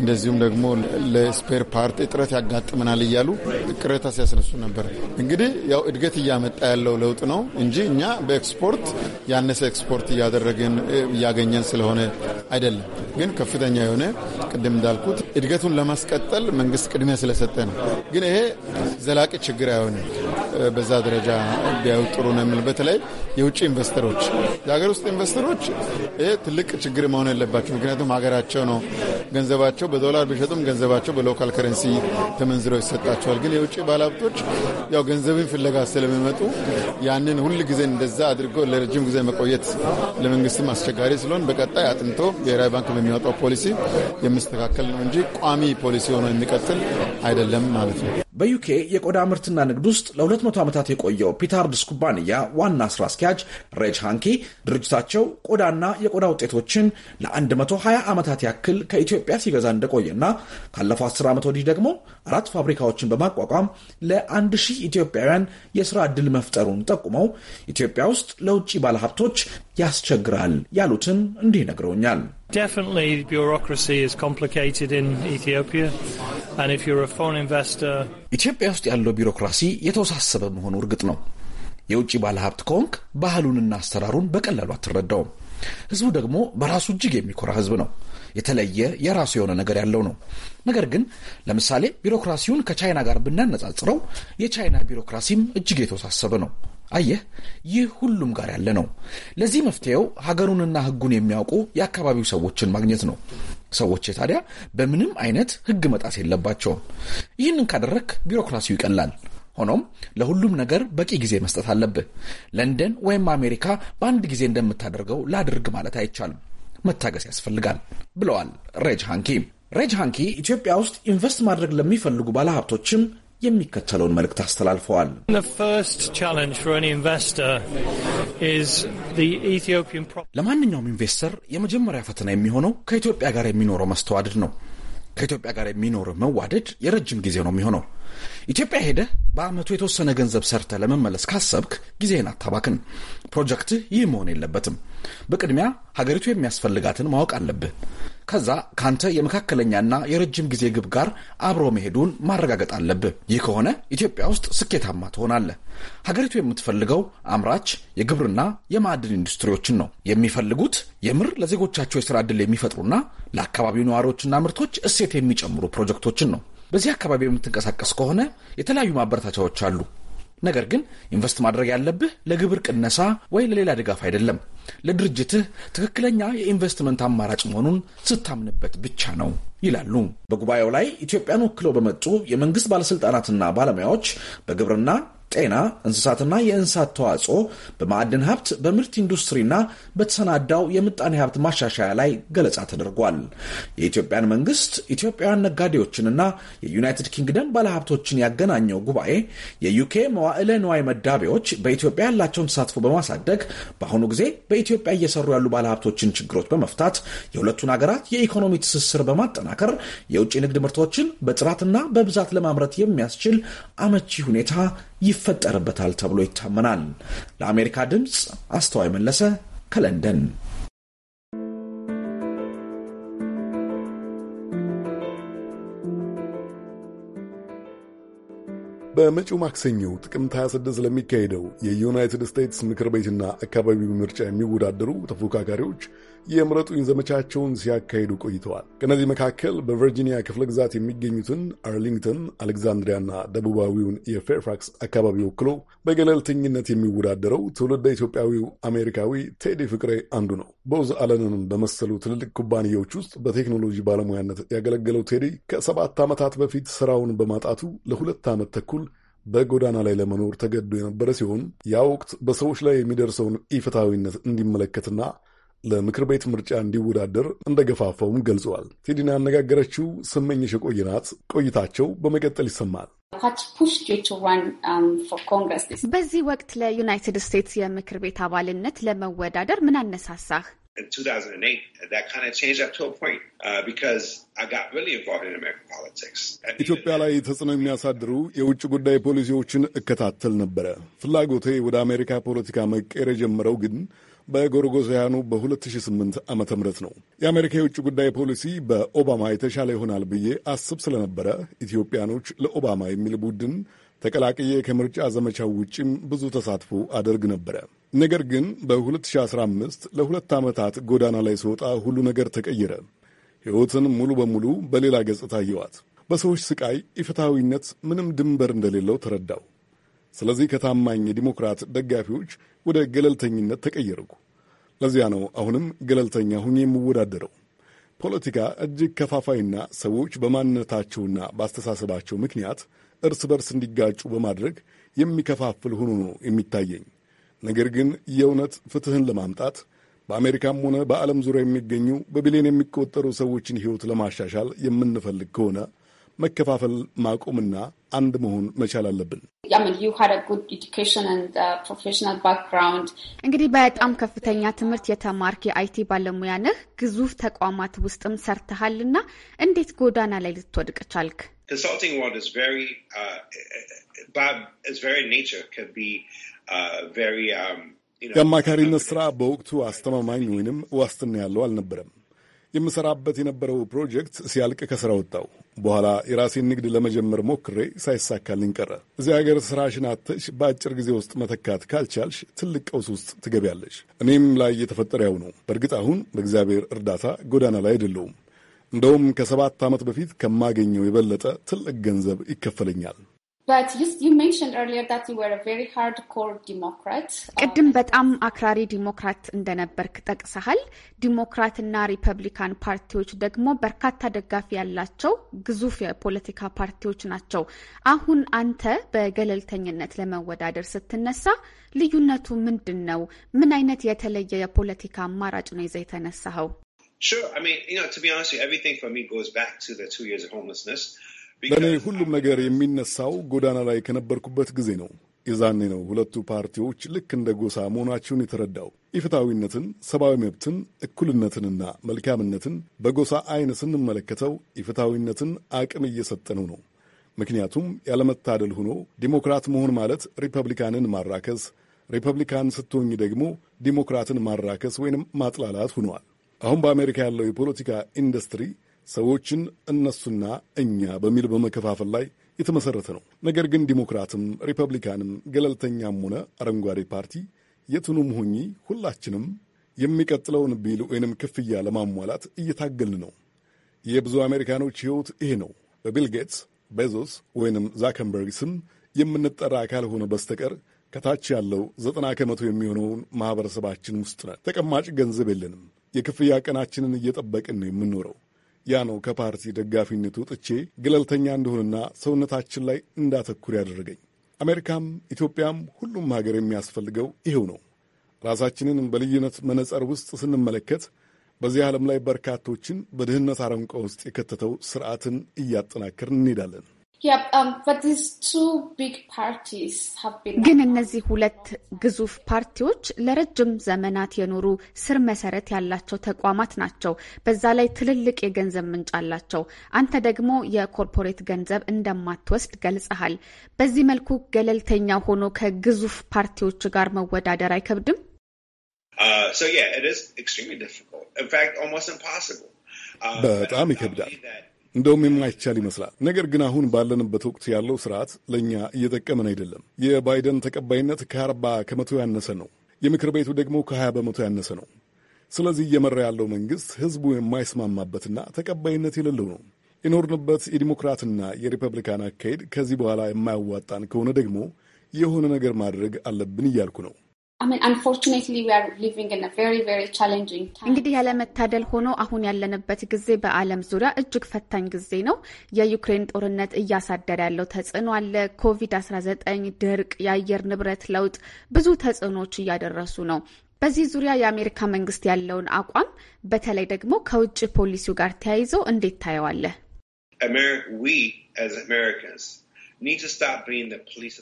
እንደዚሁም ደግሞ ለስፔር ፓርት እጥረት ያጋጥመናል እያሉ ቅሬታ ሲያስነሱ ነበር። እንግዲህ ያው እድገት እያመጣ ያለው ለውጥ ነው እንጂ እኛ በኤክስፖርት ያነሰ ኤክስፖርት እያደረግን እያገኘን ስለሆነ አይደለም። ግን ከፍተኛ የሆነ ቅድም እንዳልኩት እድገቱን ለማስቀጠል መንግስት ቅድሚያ ስለሰጠ ነው። ግን ይሄ ዘላቂ ችግር አይሆንም። በዛ ደረጃ ቢያዩ ጥሩ ነው የምል በተለይ የውጭ ኢንቨስተሮች፣ የሀገር ውስጥ ኢንቨስተሮች ይህ ትልቅ ችግር መሆን የለባቸው። ምክንያቱም ሀገራቸው ነው። ገንዘባቸው በዶላር ቢሸጡም ገንዘባቸው በሎካል ከረንሲ ተመንዝረው ይሰጣቸዋል። ግን የውጭ ባለሀብቶች ያው ገንዘብን ፍለጋ ስለሚመጡ ያንን ሁል ጊዜ እንደዛ አድርገው ለረጅም ጊዜ መቆየት ለመንግስትም አስቸጋሪ ስለሆን በቀጣይ አጥንቶ ብሔራዊ ባንክ በሚያወጣው ፖሊሲ የሚስተካከል ነው እንጂ ቋሚ ፖሊሲ ሆኖ የሚቀጥል አይደለም ማለት ነው። በዩኬ የቆዳ ምርትና ንግድ ውስጥ ለ200 ዓመታት የቆየው ፒታርድስ ኩባንያ ዋና ስራ አስኪያ አስኪያጅ ሬጅ ሃንኪ ድርጅታቸው ቆዳና የቆዳ ውጤቶችን ለ120 ዓመታት ያክል ከኢትዮጵያ ሲገዛ እንደቆየና ካለፈው 10 ዓመት ወዲህ ደግሞ አራት ፋብሪካዎችን በማቋቋም ለ 1000 ሺህ ኢትዮጵያውያን የስራ ዕድል መፍጠሩን ጠቁመው ኢትዮጵያ ውስጥ ለውጭ ባለሀብቶች ያስቸግራል ያሉትን እንዲህ ነግረውኛል። Definitely, bureaucracy is complicated in Ethiopia, and if you're a foreign investor... ኢትዮጵያ ውስጥ ያለው ቢሮክራሲ የተወሳሰበ መሆኑ እርግጥ ነው። የውጭ ባለሀብት ከሆንክ ባህሉንና አሰራሩን በቀላሉ አትረዳውም። ህዝቡ ደግሞ በራሱ እጅግ የሚኮራ ህዝብ ነው። የተለየ የራሱ የሆነ ነገር ያለው ነው። ነገር ግን ለምሳሌ ቢሮክራሲውን ከቻይና ጋር ብናነጻጽረው የቻይና ቢሮክራሲም እጅግ የተወሳሰበ ነው። አየህ፣ ይህ ሁሉም ጋር ያለ ነው። ለዚህ መፍትሄው ሀገሩንና ህጉን የሚያውቁ የአካባቢው ሰዎችን ማግኘት ነው። ሰዎች ታዲያ በምንም አይነት ህግ መጣስ የለባቸውም። ይህንን ካደረክ ቢሮክራሲው ይቀላል። ሆኖም ለሁሉም ነገር በቂ ጊዜ መስጠት አለብህ። ለንደን ወይም አሜሪካ በአንድ ጊዜ እንደምታደርገው ላድርግ ማለት አይቻልም። መታገስ ያስፈልጋል ብለዋል ሬጅ ሃንኪ። ሬጅ ሃንኪ ኢትዮጵያ ውስጥ ኢንቨስት ማድረግ ለሚፈልጉ ባለሀብቶችም የሚከተለውን መልእክት አስተላልፈዋል። ለማንኛውም ኢንቨስተር የመጀመሪያ ፈተና የሚሆነው ከኢትዮጵያ ጋር የሚኖረው መስተዋድድ ነው። ከኢትዮጵያ ጋር የሚኖረው መዋደድ የረጅም ጊዜ ነው የሚሆነው። ኢትዮጵያ ሄደህ በአመቱ የተወሰነ ገንዘብ ሰርተህ ለመመለስ ካሰብክ ጊዜህን አታባክን። ፕሮጀክትህ ይህ መሆን የለበትም። በቅድሚያ ሀገሪቱ የሚያስፈልጋትን ማወቅ አለብህ። ከዛ ከአንተ የመካከለኛና የረጅም ጊዜ ግብ ጋር አብሮ መሄዱን ማረጋገጥ አለብህ። ይህ ከሆነ ኢትዮጵያ ውስጥ ስኬታማ ትሆናለህ። ሀገሪቱ የምትፈልገው አምራች የግብርና የማዕድን ኢንዱስትሪዎችን ነው። የሚፈልጉት የምር ለዜጎቻቸው የስራ ዕድል የሚፈጥሩና ለአካባቢው ነዋሪዎችና ምርቶች እሴት የሚጨምሩ ፕሮጀክቶችን ነው። በዚህ አካባቢ የምትንቀሳቀስ ከሆነ የተለያዩ ማበረታቻዎች አሉ። ነገር ግን ኢንቨስት ማድረግ ያለብህ ለግብር ቅነሳ ወይ ለሌላ ድጋፍ አይደለም። ለድርጅትህ ትክክለኛ የኢንቨስትመንት አማራጭ መሆኑን ስታምንበት ብቻ ነው ይላሉ። በጉባኤው ላይ ኢትዮጵያን ወክለው በመጡ የመንግስት ባለስልጣናትና ባለሙያዎች በግብርና ጤና፣ እንስሳትና የእንስሳት ተዋጽኦ፣ በማዕድን ሀብት፣ በምርት ኢንዱስትሪና በተሰናዳው የምጣኔ ሀብት ማሻሻያ ላይ ገለጻ ተደርጓል። የኢትዮጵያን መንግስት ኢትዮጵያውያን ነጋዴዎችንና የዩናይትድ ኪንግደም ባለሀብቶችን ያገናኘው ጉባኤ የዩኬ መዋዕለ ንዋይ መዳቢዎች በኢትዮጵያ ያላቸውን ተሳትፎ በማሳደግ በአሁኑ ጊዜ በኢትዮጵያ እየሰሩ ያሉ ባለሀብቶችን ችግሮች በመፍታት የሁለቱን ሀገራት የኢኮኖሚ ትስስር በማጠናከር የውጭ ንግድ ምርቶችን በጥራትና በብዛት ለማምረት የሚያስችል አመቺ ሁኔታ ይፈጠርበታል ተብሎ ይታመናል። ለአሜሪካ ድምፅ አስተዋይ መለሰ ከለንደን በመጪው ማክሰኞ ጥቅምት 26 ለሚካሄደው የዩናይትድ ስቴትስ ምክር ቤትና አካባቢው ምርጫ የሚወዳደሩ ተፎካካሪዎች የምረጡኝ ዘመቻቸውን ሲያካሂዱ ቆይተዋል። ከእነዚህ መካከል በቨርጂኒያ ክፍለ ግዛት የሚገኙትን አርሊንግተን፣ አሌግዛንድሪያና ደቡባዊውን የፌርፋክስ አካባቢ ወክሎ በገለልተኝነት የሚወዳደረው ትውልደ ኢትዮጵያዊው አሜሪካዊ ቴዲ ፍቅሬ አንዱ ነው። ቦዝ አለንንም በመሰሉ ትልልቅ ኩባንያዎች ውስጥ በቴክኖሎጂ ባለሙያነት ያገለገለው ቴዲ ከሰባት ዓመታት በፊት ስራውን በማጣቱ ለሁለት ዓመት ተኩል በጎዳና ላይ ለመኖር ተገዶ የነበረ ሲሆን ያ ወቅት በሰዎች ላይ የሚደርሰውን ኢፍትሐዊነት እንዲመለከትና ለምክር ቤት ምርጫ እንዲወዳደር እንደገፋፈውም ገልጸዋል። ቴዲን ያነጋገረችው ስመኝሽ የቆየ ቆይታቸው በመቀጠል ይሰማል። um, በዚህ ወቅት ለዩናይትድ ስቴትስ የምክር ቤት አባልነት ለመወዳደር ምን አነሳሳህ? Uh, ኢትዮጵያ ላይ ተጽዕኖ የሚያሳድሩ የውጭ ጉዳይ ፖሊሲዎችን እከታተል ነበረ። ፍላጎቴ ወደ አሜሪካ ፖለቲካ መቀየር የጀመረው ግን በጎርጎዛያኑ በ2008 ዓ ም ነው። የአሜሪካ የውጭ ጉዳይ ፖሊሲ በኦባማ የተሻለ ይሆናል ብዬ አስብ ስለነበረ ኢትዮጵያኖች ለኦባማ የሚል ቡድን ተቀላቅዬ ከምርጫ ዘመቻው ውጭም ብዙ ተሳትፎ አደርግ ነበረ። ነገር ግን በ2015 ለሁለት ዓመታት ጎዳና ላይ ስወጣ ሁሉ ነገር ተቀየረ። ሕይወትን ሙሉ በሙሉ በሌላ ገጽታ አየዋት። በሰዎች ስቃይ ኢፍትሐዊነት ምንም ድንበር እንደሌለው ተረዳው። ስለዚህ ከታማኝ የዲሞክራት ደጋፊዎች ወደ ገለልተኝነት ተቀየርኩ። ለዚያ ነው አሁንም ገለልተኛ ሁኝ የምወዳደረው። ፖለቲካ እጅግ ከፋፋይና ሰዎች በማንነታቸውና በአስተሳሰባቸው ምክንያት እርስ በርስ እንዲጋጩ በማድረግ የሚከፋፍል ሆኖ ነው የሚታየኝ። ነገር ግን የእውነት ፍትህን ለማምጣት በአሜሪካም ሆነ በዓለም ዙሪያ የሚገኙ በቢሊዮን የሚቆጠሩ ሰዎችን ሕይወት ለማሻሻል የምንፈልግ ከሆነ መከፋፈል ማቆምና አንድ መሆን መቻል አለብን። እንግዲህ በጣም ከፍተኛ ትምህርት የተማርክ የአይቲ ባለሙያ ነህ። ግዙፍ ተቋማት ውስጥም ሰርተሃል እና እንዴት ጎዳና ላይ ልትወድቅ ቻልክ? Uh, uh, um, የአማካሪነት ስራ በወቅቱ አስተማማኝ ወይንም ዋስትና ያለው አልነበረም። የምሰራበት የነበረው ፕሮጀክት ሲያልቅ ከስራ ወጣው። በኋላ የራሴን ንግድ ለመጀመር ሞክሬ ሳይሳካልኝ ቀረ። እዚህ ሀገር ስራሽን አጥተሽ በአጭር ጊዜ ውስጥ መተካት ካልቻልሽ ትልቅ ቀውስ ውስጥ ትገቢያለሽ። እኔም ላይ የተፈጠረ ያው ነው። በእርግጥ አሁን በእግዚአብሔር እርዳታ ጎዳና ላይ አይደለውም። እንደውም ከሰባት ዓመት በፊት ከማገኘው የበለጠ ትልቅ ገንዘብ ይከፈለኛል። ቅድም በጣም አክራሪ ዲሞክራት እንደነበርክ ጠቅሰሃል። ዲሞክራትና ሪፐብሊካን ፓርቲዎች ደግሞ በርካታ ደጋፊ ያላቸው ግዙፍ የፖለቲካ ፓርቲዎች ናቸው። አሁን አንተ በገለልተኝነት ለመወዳደር ስትነሳ ልዩነቱ ምንድን ነው? ምን አይነት የተለየ የፖለቲካ አማራጭ ነው ይዘ የተነሳኸው? Sure. I mean, you know, to be honest, everything for me goes back to the two years of homelessness. ለእኔ ሁሉም ነገር የሚነሳው ጎዳና ላይ ከነበርኩበት ጊዜ ነው። የዛኔ ነው ሁለቱ ፓርቲዎች ልክ እንደ ጎሳ መሆናቸውን የተረዳው። ኢፍትሐዊነትን፣ ሰብአዊ መብትን፣ እኩልነትንና መልካምነትን በጎሳ አይን ስንመለከተው ኢፍትሐዊነትን አቅም እየሰጠነው ነው። ምክንያቱም ያለመታደል ሆኖ ዲሞክራት መሆን ማለት ሪፐብሊካንን ማራከስ፣ ሪፐብሊካን ስትሆኝ ደግሞ ዲሞክራትን ማራከስ ወይንም ማጥላላት ሆኗል። አሁን በአሜሪካ ያለው የፖለቲካ ኢንዱስትሪ ሰዎችን እነሱና እኛ በሚል በመከፋፈል ላይ የተመሠረተ ነው። ነገር ግን ዲሞክራትም ሪፐብሊካንም ገለልተኛም ሆነ አረንጓዴ ፓርቲ የትኑም ሁኚ ሁላችንም የሚቀጥለውን ቢል ወይንም ክፍያ ለማሟላት እየታገልን ነው። የብዙ አሜሪካኖች ሕይወት ይሄ ነው። በቢል ጌትስ፣ ቤዞስ ወይንም ዛከንበርግ ስም የምንጠራ ካልሆነ በስተቀር ከታች ያለው ዘጠና ከመቶ የሚሆነውን ማኅበረሰባችን ውስጥ ነን። ተቀማጭ ገንዘብ የለንም። የክፍያ ቀናችንን እየጠበቅን ነው የምንኖረው። ያ ነው ከፓርቲ ደጋፊነቱ ጥቼ ገለልተኛ እንደሆንና ሰውነታችን ላይ እንዳተኩር ያደረገኝ። አሜሪካም ኢትዮጵያም ሁሉም ሀገር የሚያስፈልገው ይኸው ነው። ራሳችንን በልዩነት መነጸር ውስጥ ስንመለከት በዚህ ዓለም ላይ በርካቶችን በድህነት አረንቋ ውስጥ የከተተው ስርዓትን እያጠናከርን እንሄዳለን። Um, ግን እነዚህ ሁለት ግዙፍ ፓርቲዎች ለረጅም ዘመናት የኖሩ ስር መሰረት ያላቸው ተቋማት ናቸው። በዛ ላይ ትልልቅ የገንዘብ ምንጭ አላቸው። አንተ ደግሞ የኮርፖሬት ገንዘብ እንደማትወስድ ገልጸሃል። በዚህ መልኩ ገለልተኛ ሆኖ ከግዙፍ ፓርቲዎች ጋር መወዳደር አይከብድም? Uh, uh, በጣም ይከብዳል። እንደውም የማይቻል ይመስላል። ነገር ግን አሁን ባለንበት ወቅት ያለው ስርዓት ለእኛ እየጠቀመን አይደለም። የባይደን ተቀባይነት ከአርባ ከመቶ ያነሰ ነው። የምክር ቤቱ ደግሞ ከሀያ በመቶ ያነሰ ነው። ስለዚህ እየመራ ያለው መንግሥት ሕዝቡ የማይስማማበትና ተቀባይነት የሌለው ነው። የኖርንበት የዲሞክራትና የሪፐብሊካን አካሄድ ከዚህ በኋላ የማያዋጣን ከሆነ ደግሞ የሆነ ነገር ማድረግ አለብን እያልኩ ነው። እንግዲህ ያለመታደል ሆኖ አሁን ያለንበት ጊዜ በዓለም ዙሪያ እጅግ ፈታኝ ጊዜ ነው። የዩክሬን ጦርነት እያሳደረ ያለው ተጽዕኖ አለ። ኮቪድ-19፣ ድርቅ፣ የአየር ንብረት ለውጥ ብዙ ተጽዕኖዎች እያደረሱ ነው። በዚህ ዙሪያ የአሜሪካ መንግስት ያለውን አቋም በተለይ ደግሞ ከውጭ ፖሊሲው ጋር ተያይዞ እንዴት ታየዋለህ?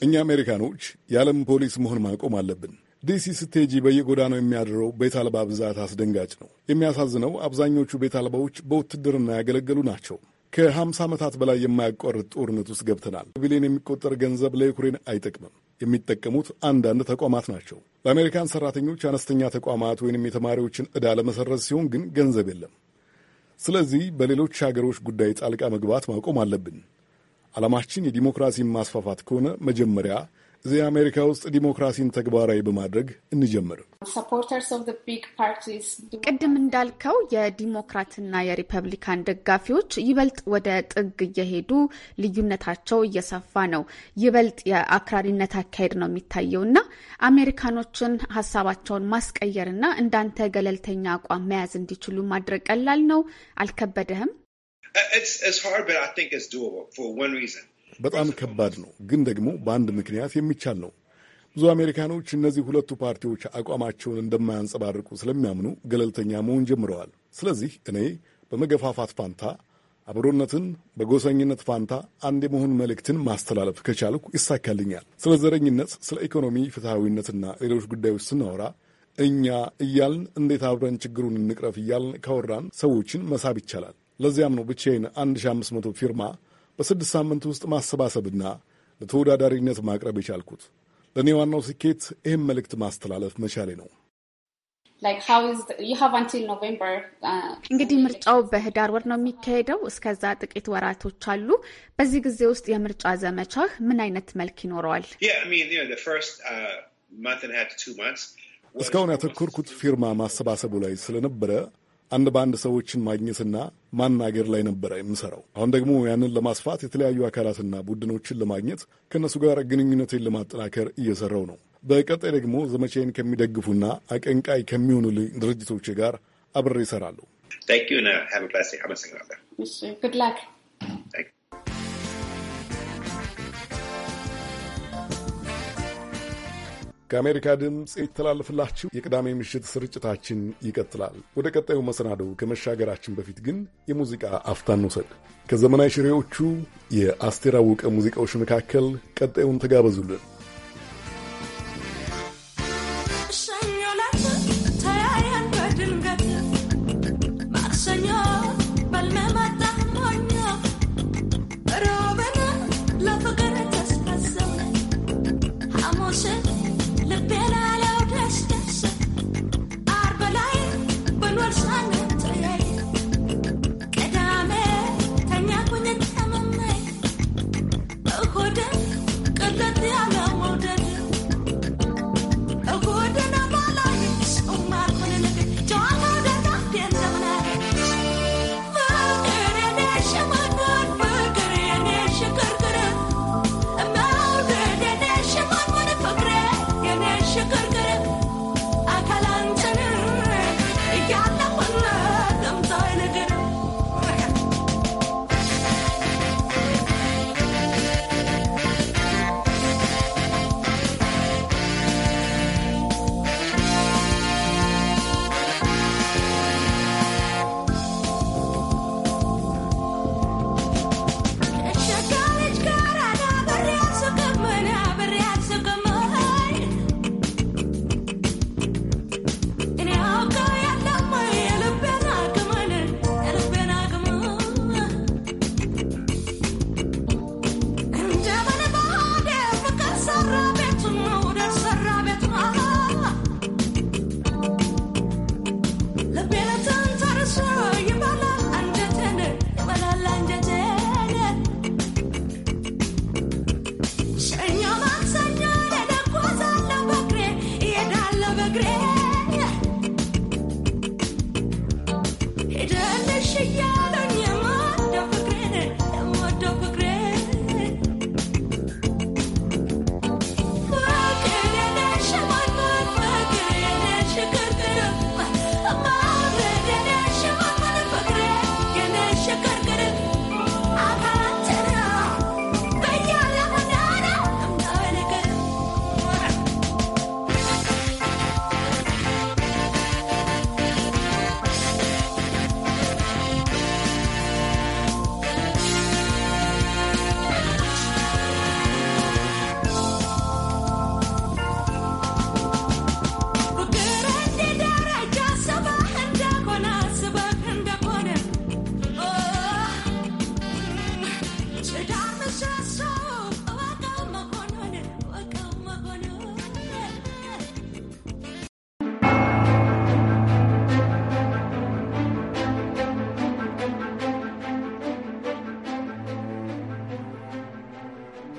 እኛ አሜሪካኖች የዓለም ፖሊስ መሆን ማቆም አለብን። ዲሲ ስቴጂ በየጎዳናው የሚያድረው ቤት አልባ ብዛት አስደንጋጭ ነው። የሚያሳዝነው አብዛኞቹ ቤት አልባዎች በውትድርና ያገለገሉ ናቸው። ከ50 ዓመታት በላይ የማያቋርጥ ጦርነት ውስጥ ገብተናል። ቢሊዮን የሚቆጠር ገንዘብ ለዩክሬን አይጠቅምም። የሚጠቀሙት አንዳንድ ተቋማት ናቸው። ለአሜሪካን ሰራተኞች አነስተኛ ተቋማት ወይንም የተማሪዎችን ዕዳ ለመሰረዝ ሲሆን ግን ገንዘብ የለም። ስለዚህ በሌሎች ሀገሮች ጉዳይ ጣልቃ መግባት ማቆም አለብን። ዓላማችን የዲሞክራሲን ማስፋፋት ከሆነ መጀመሪያ እዚህ አሜሪካ ውስጥ ዲሞክራሲን ተግባራዊ በማድረግ እንጀምር። ቅድም እንዳልከው የዲሞክራትና የሪፐብሊካን ደጋፊዎች ይበልጥ ወደ ጥግ እየሄዱ ልዩነታቸው እየሰፋ ነው። ይበልጥ የአክራሪነት አካሄድ ነው የሚታየው እና አሜሪካኖችን ሀሳባቸውን ማስቀየርና እንዳንተ ገለልተኛ አቋም መያዝ እንዲችሉ ማድረግ ቀላል ነው። አልከበደህም? በጣም ከባድ ነው፣ ግን ደግሞ በአንድ ምክንያት የሚቻል ነው። ብዙ አሜሪካኖች እነዚህ ሁለቱ ፓርቲዎች አቋማቸውን እንደማያንጸባርቁ ስለሚያምኑ ገለልተኛ መሆን ጀምረዋል። ስለዚህ እኔ በመገፋፋት ፋንታ አብሮነትን በጎሰኝነት ፋንታ አንድ የመሆን መልእክትን ማስተላለፍ ከቻልኩ ይሳካልኛል። ስለ ዘረኝነት፣ ስለ ኢኮኖሚ ፍትሐዊነትና ሌሎች ጉዳዮች ስናወራ እኛ እያልን እንዴት አብረን ችግሩን እንቅረፍ እያልን ካወራን ሰዎችን መሳብ ይቻላል። ለዚያም ነው ብቻዬን 1500 ፊርማ በስድስት ሳምንት ውስጥ ማሰባሰብና ለተወዳዳሪነት ማቅረብ የቻልኩት። ለእኔ ዋናው ስኬት ይህም መልእክት ማስተላለፍ መቻሌ ነው። uh, እንግዲህ ምርጫው በህዳር ወር ነው የሚካሄደው። እስከዛ ጥቂት ወራቶች አሉ። በዚህ ጊዜ ውስጥ የምርጫ ዘመቻህ ምን አይነት መልክ ይኖረዋል? Uh, እስካሁን ያተኮርኩት ፊርማ ማሰባሰቡ ላይ ስለነበረ አንድ በአንድ ሰዎችን ማግኘትና ማናገር ላይ ነበረ የምሰራው። አሁን ደግሞ ያንን ለማስፋት የተለያዩ አካላትና ቡድኖችን ለማግኘት ከእነሱ ጋር ግንኙነቴን ለማጠናከር እየሰራው ነው። በቀጣይ ደግሞ ዘመቻዬን ከሚደግፉና አቀንቃይ ከሚሆኑ ድርጅቶች ጋር አብሬ ይሰራለሁ። ከአሜሪካ ድምፅ የተላለፍላችሁ የቅዳሜ ምሽት ስርጭታችን ይቀጥላል። ወደ ቀጣዩ መሰናዶ ከመሻገራችን በፊት ግን የሙዚቃ አፍታን እንውሰድ። ከዘመናዊ ሽሬዎቹ የአስቴር አወቀ ሙዚቃዎች መካከል ቀጣዩን ተጋበዙልን።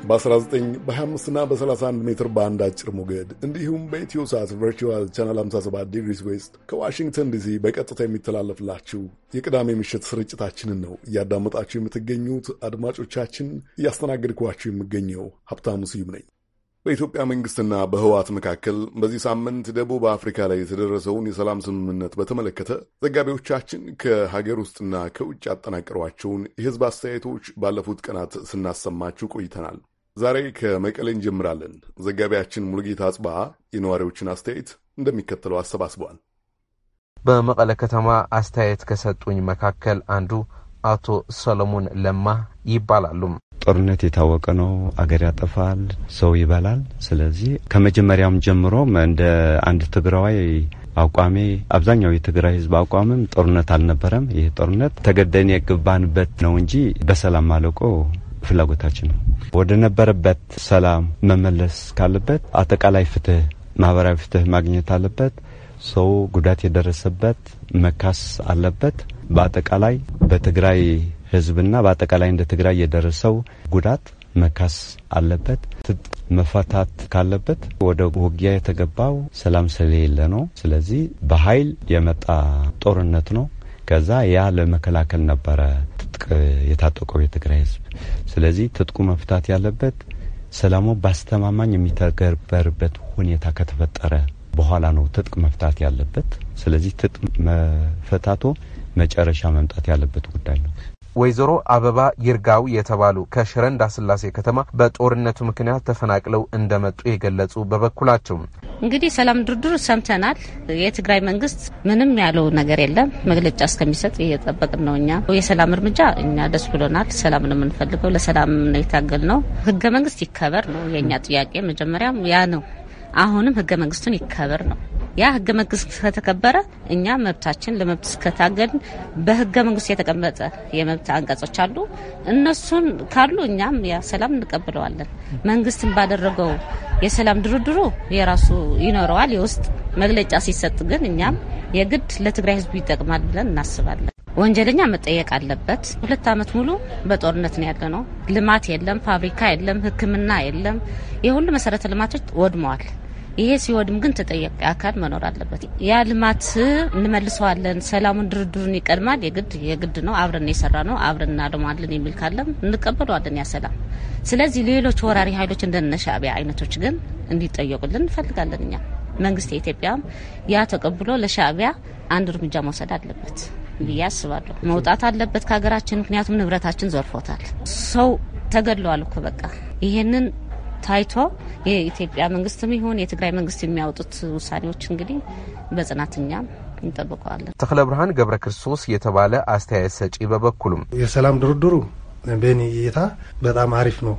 በ19 በ25 እና በ31 ሜትር ባንድ አጭር ሞገድ እንዲሁም በኢትዮ ሳት ቨርቹዋል ቻናል 57 ዲግሪስ ዌስት ከዋሽንግተን ዲሲ በቀጥታ የሚተላለፍላችሁ የቅዳሜ ምሽት ስርጭታችንን ነው እያዳመጣችሁ የምትገኙት። አድማጮቻችን እያስተናገድኳችሁ የምገኘው ሀብታሙ ስዩም ነኝ። በኢትዮጵያ መንግስትና በህወሓት መካከል በዚህ ሳምንት ደቡብ አፍሪካ ላይ የተደረሰውን የሰላም ስምምነት በተመለከተ ዘጋቢዎቻችን ከሀገር ውስጥና ከውጭ ያጠናቀሯቸውን የህዝብ አስተያየቶች ባለፉት ቀናት ስናሰማችሁ ቆይተናል። ዛሬ ከመቀሌ እንጀምራለን። ዘጋቢያችን ሙልጌታ አጽባ የነዋሪዎችን አስተያየት እንደሚከተለው አሰባስበዋል። በመቀለ ከተማ አስተያየት ከሰጡኝ መካከል አንዱ አቶ ሰሎሞን ለማ ይባላሉ። ጦርነት የታወቀ ነው። አገር ያጠፋል፣ ሰው ይበላል። ስለዚህ ከመጀመሪያም ጀምሮም እንደ አንድ ትግራዋይ አቋሜ አብዛኛው የትግራይ ሕዝብ አቋምም ጦርነት አልነበረም። ይህ ጦርነት ተገደን የገባንበት ነው እንጂ በሰላም አለቆ ፍላጎታችን ነው። ወደ ነበረበት ሰላም መመለስ ካለበት አጠቃላይ ፍትህ፣ ማህበራዊ ፍትህ ማግኘት አለበት። ሰው ጉዳት የደረሰበት መካስ አለበት። በአጠቃላይ በትግራይ ህዝብና በአጠቃላይ እንደ ትግራይ የደረሰው ጉዳት መካስ አለበት። ትጥ መፈታት ካለበት ወደ ውጊያ የተገባው ሰላም ስለሌለ ነው። ስለዚህ በኃይል የመጣ ጦርነት ነው። ከዛ ያ ለመከላከል ነበረ የታጠቀው የትግራይ ህዝብ። ስለዚህ ትጥቁ መፍታት ያለበት ሰላሙ በአስተማማኝ የሚተገበርበት ሁኔታ ከተፈጠረ በኋላ ነው ትጥቅ መፍታት ያለበት። ስለዚህ ትጥቅ መፈታቶ መጨረሻ መምጣት ያለበት ጉዳይ ነው። ወይዘሮ አበባ ይርጋው የተባሉ ከሽረ እንዳስላሴ ከተማ በጦርነቱ ምክንያት ተፈናቅለው እንደመጡ የገለጹ በበኩላቸው እንግዲህ ሰላም ድርድር ሰምተናል። የትግራይ መንግስት ምንም ያለው ነገር የለም። መግለጫ እስከሚሰጥ እየጠበቅን ነው። እኛ የሰላም እርምጃ እኛ ደስ ብሎናል። ሰላም ነው የምንፈልገው። ለሰላም ነው የታገል ነው። ህገ መንግስት ይከበር ነው የእኛ ጥያቄ። መጀመሪያም ያ ነው። አሁንም ህገ መንግስቱን ይከበር ነው። ያ ህገ መንግስት ከተከበረ እኛ መብታችን ለመብት እስከታገድን በህገ መንግስት የተቀመጠ የመብት አንቀጾች አሉ። እነሱን ካሉ እኛም ያ ሰላም እንቀብለዋለን። መንግስትን ባደረገው የሰላም ድርድሩ የራሱ ይኖረዋል። የውስጥ መግለጫ ሲሰጥ ግን እኛም የግድ ለትግራይ ህዝብ ይጠቅማል ብለን እናስባለን። ወንጀለኛ መጠየቅ አለበት። ሁለት አመት ሙሉ በጦርነት ነው ያለ ነው። ልማት የለም፣ ፋብሪካ የለም፣ ህክምና የለም። የሁሉ መሰረተ ልማቶች ወድመዋል። ይሄ ሲወድም ግን ተጠያቂ አካል መኖር አለበት። ያ ልማት እንመልሰዋለን፣ ሰላሙን፣ ድርድሩን ይቀድማል። የግድ የግድ ነው። አብረን የሰራ ነው አብረን እናደማለን የሚል ካለም እንቀበለዋለን ያ ሰላም። ስለዚህ ሌሎች ወራሪ ኃይሎች እንደነ ሻዕቢያ አይነቶች ግን እንዲጠየቁልን እንፈልጋለን። እኛ መንግስት የኢትዮጵያም ያ ተቀብሎ ለሻዕቢያ አንድ እርምጃ መውሰድ አለበት ብዬ አስባለሁ። መውጣት አለበት ከሀገራችን፣ ምክንያቱም ንብረታችን ዘርፎታል። ሰው ተገድለዋል እኮ በቃ ይሄንን ታይቶ የኢትዮጵያ መንግስትም ይሁን የትግራይ መንግስት የሚያወጡት ውሳኔዎች እንግዲህ በጽናትኛ እንጠብቀዋለን። ተክለ ብርሃን ገብረ ክርስቶስ የተባለ አስተያየት ሰጪ በበኩሉም የሰላም ድርድሩ በኔ እይታ በጣም አሪፍ ነው፣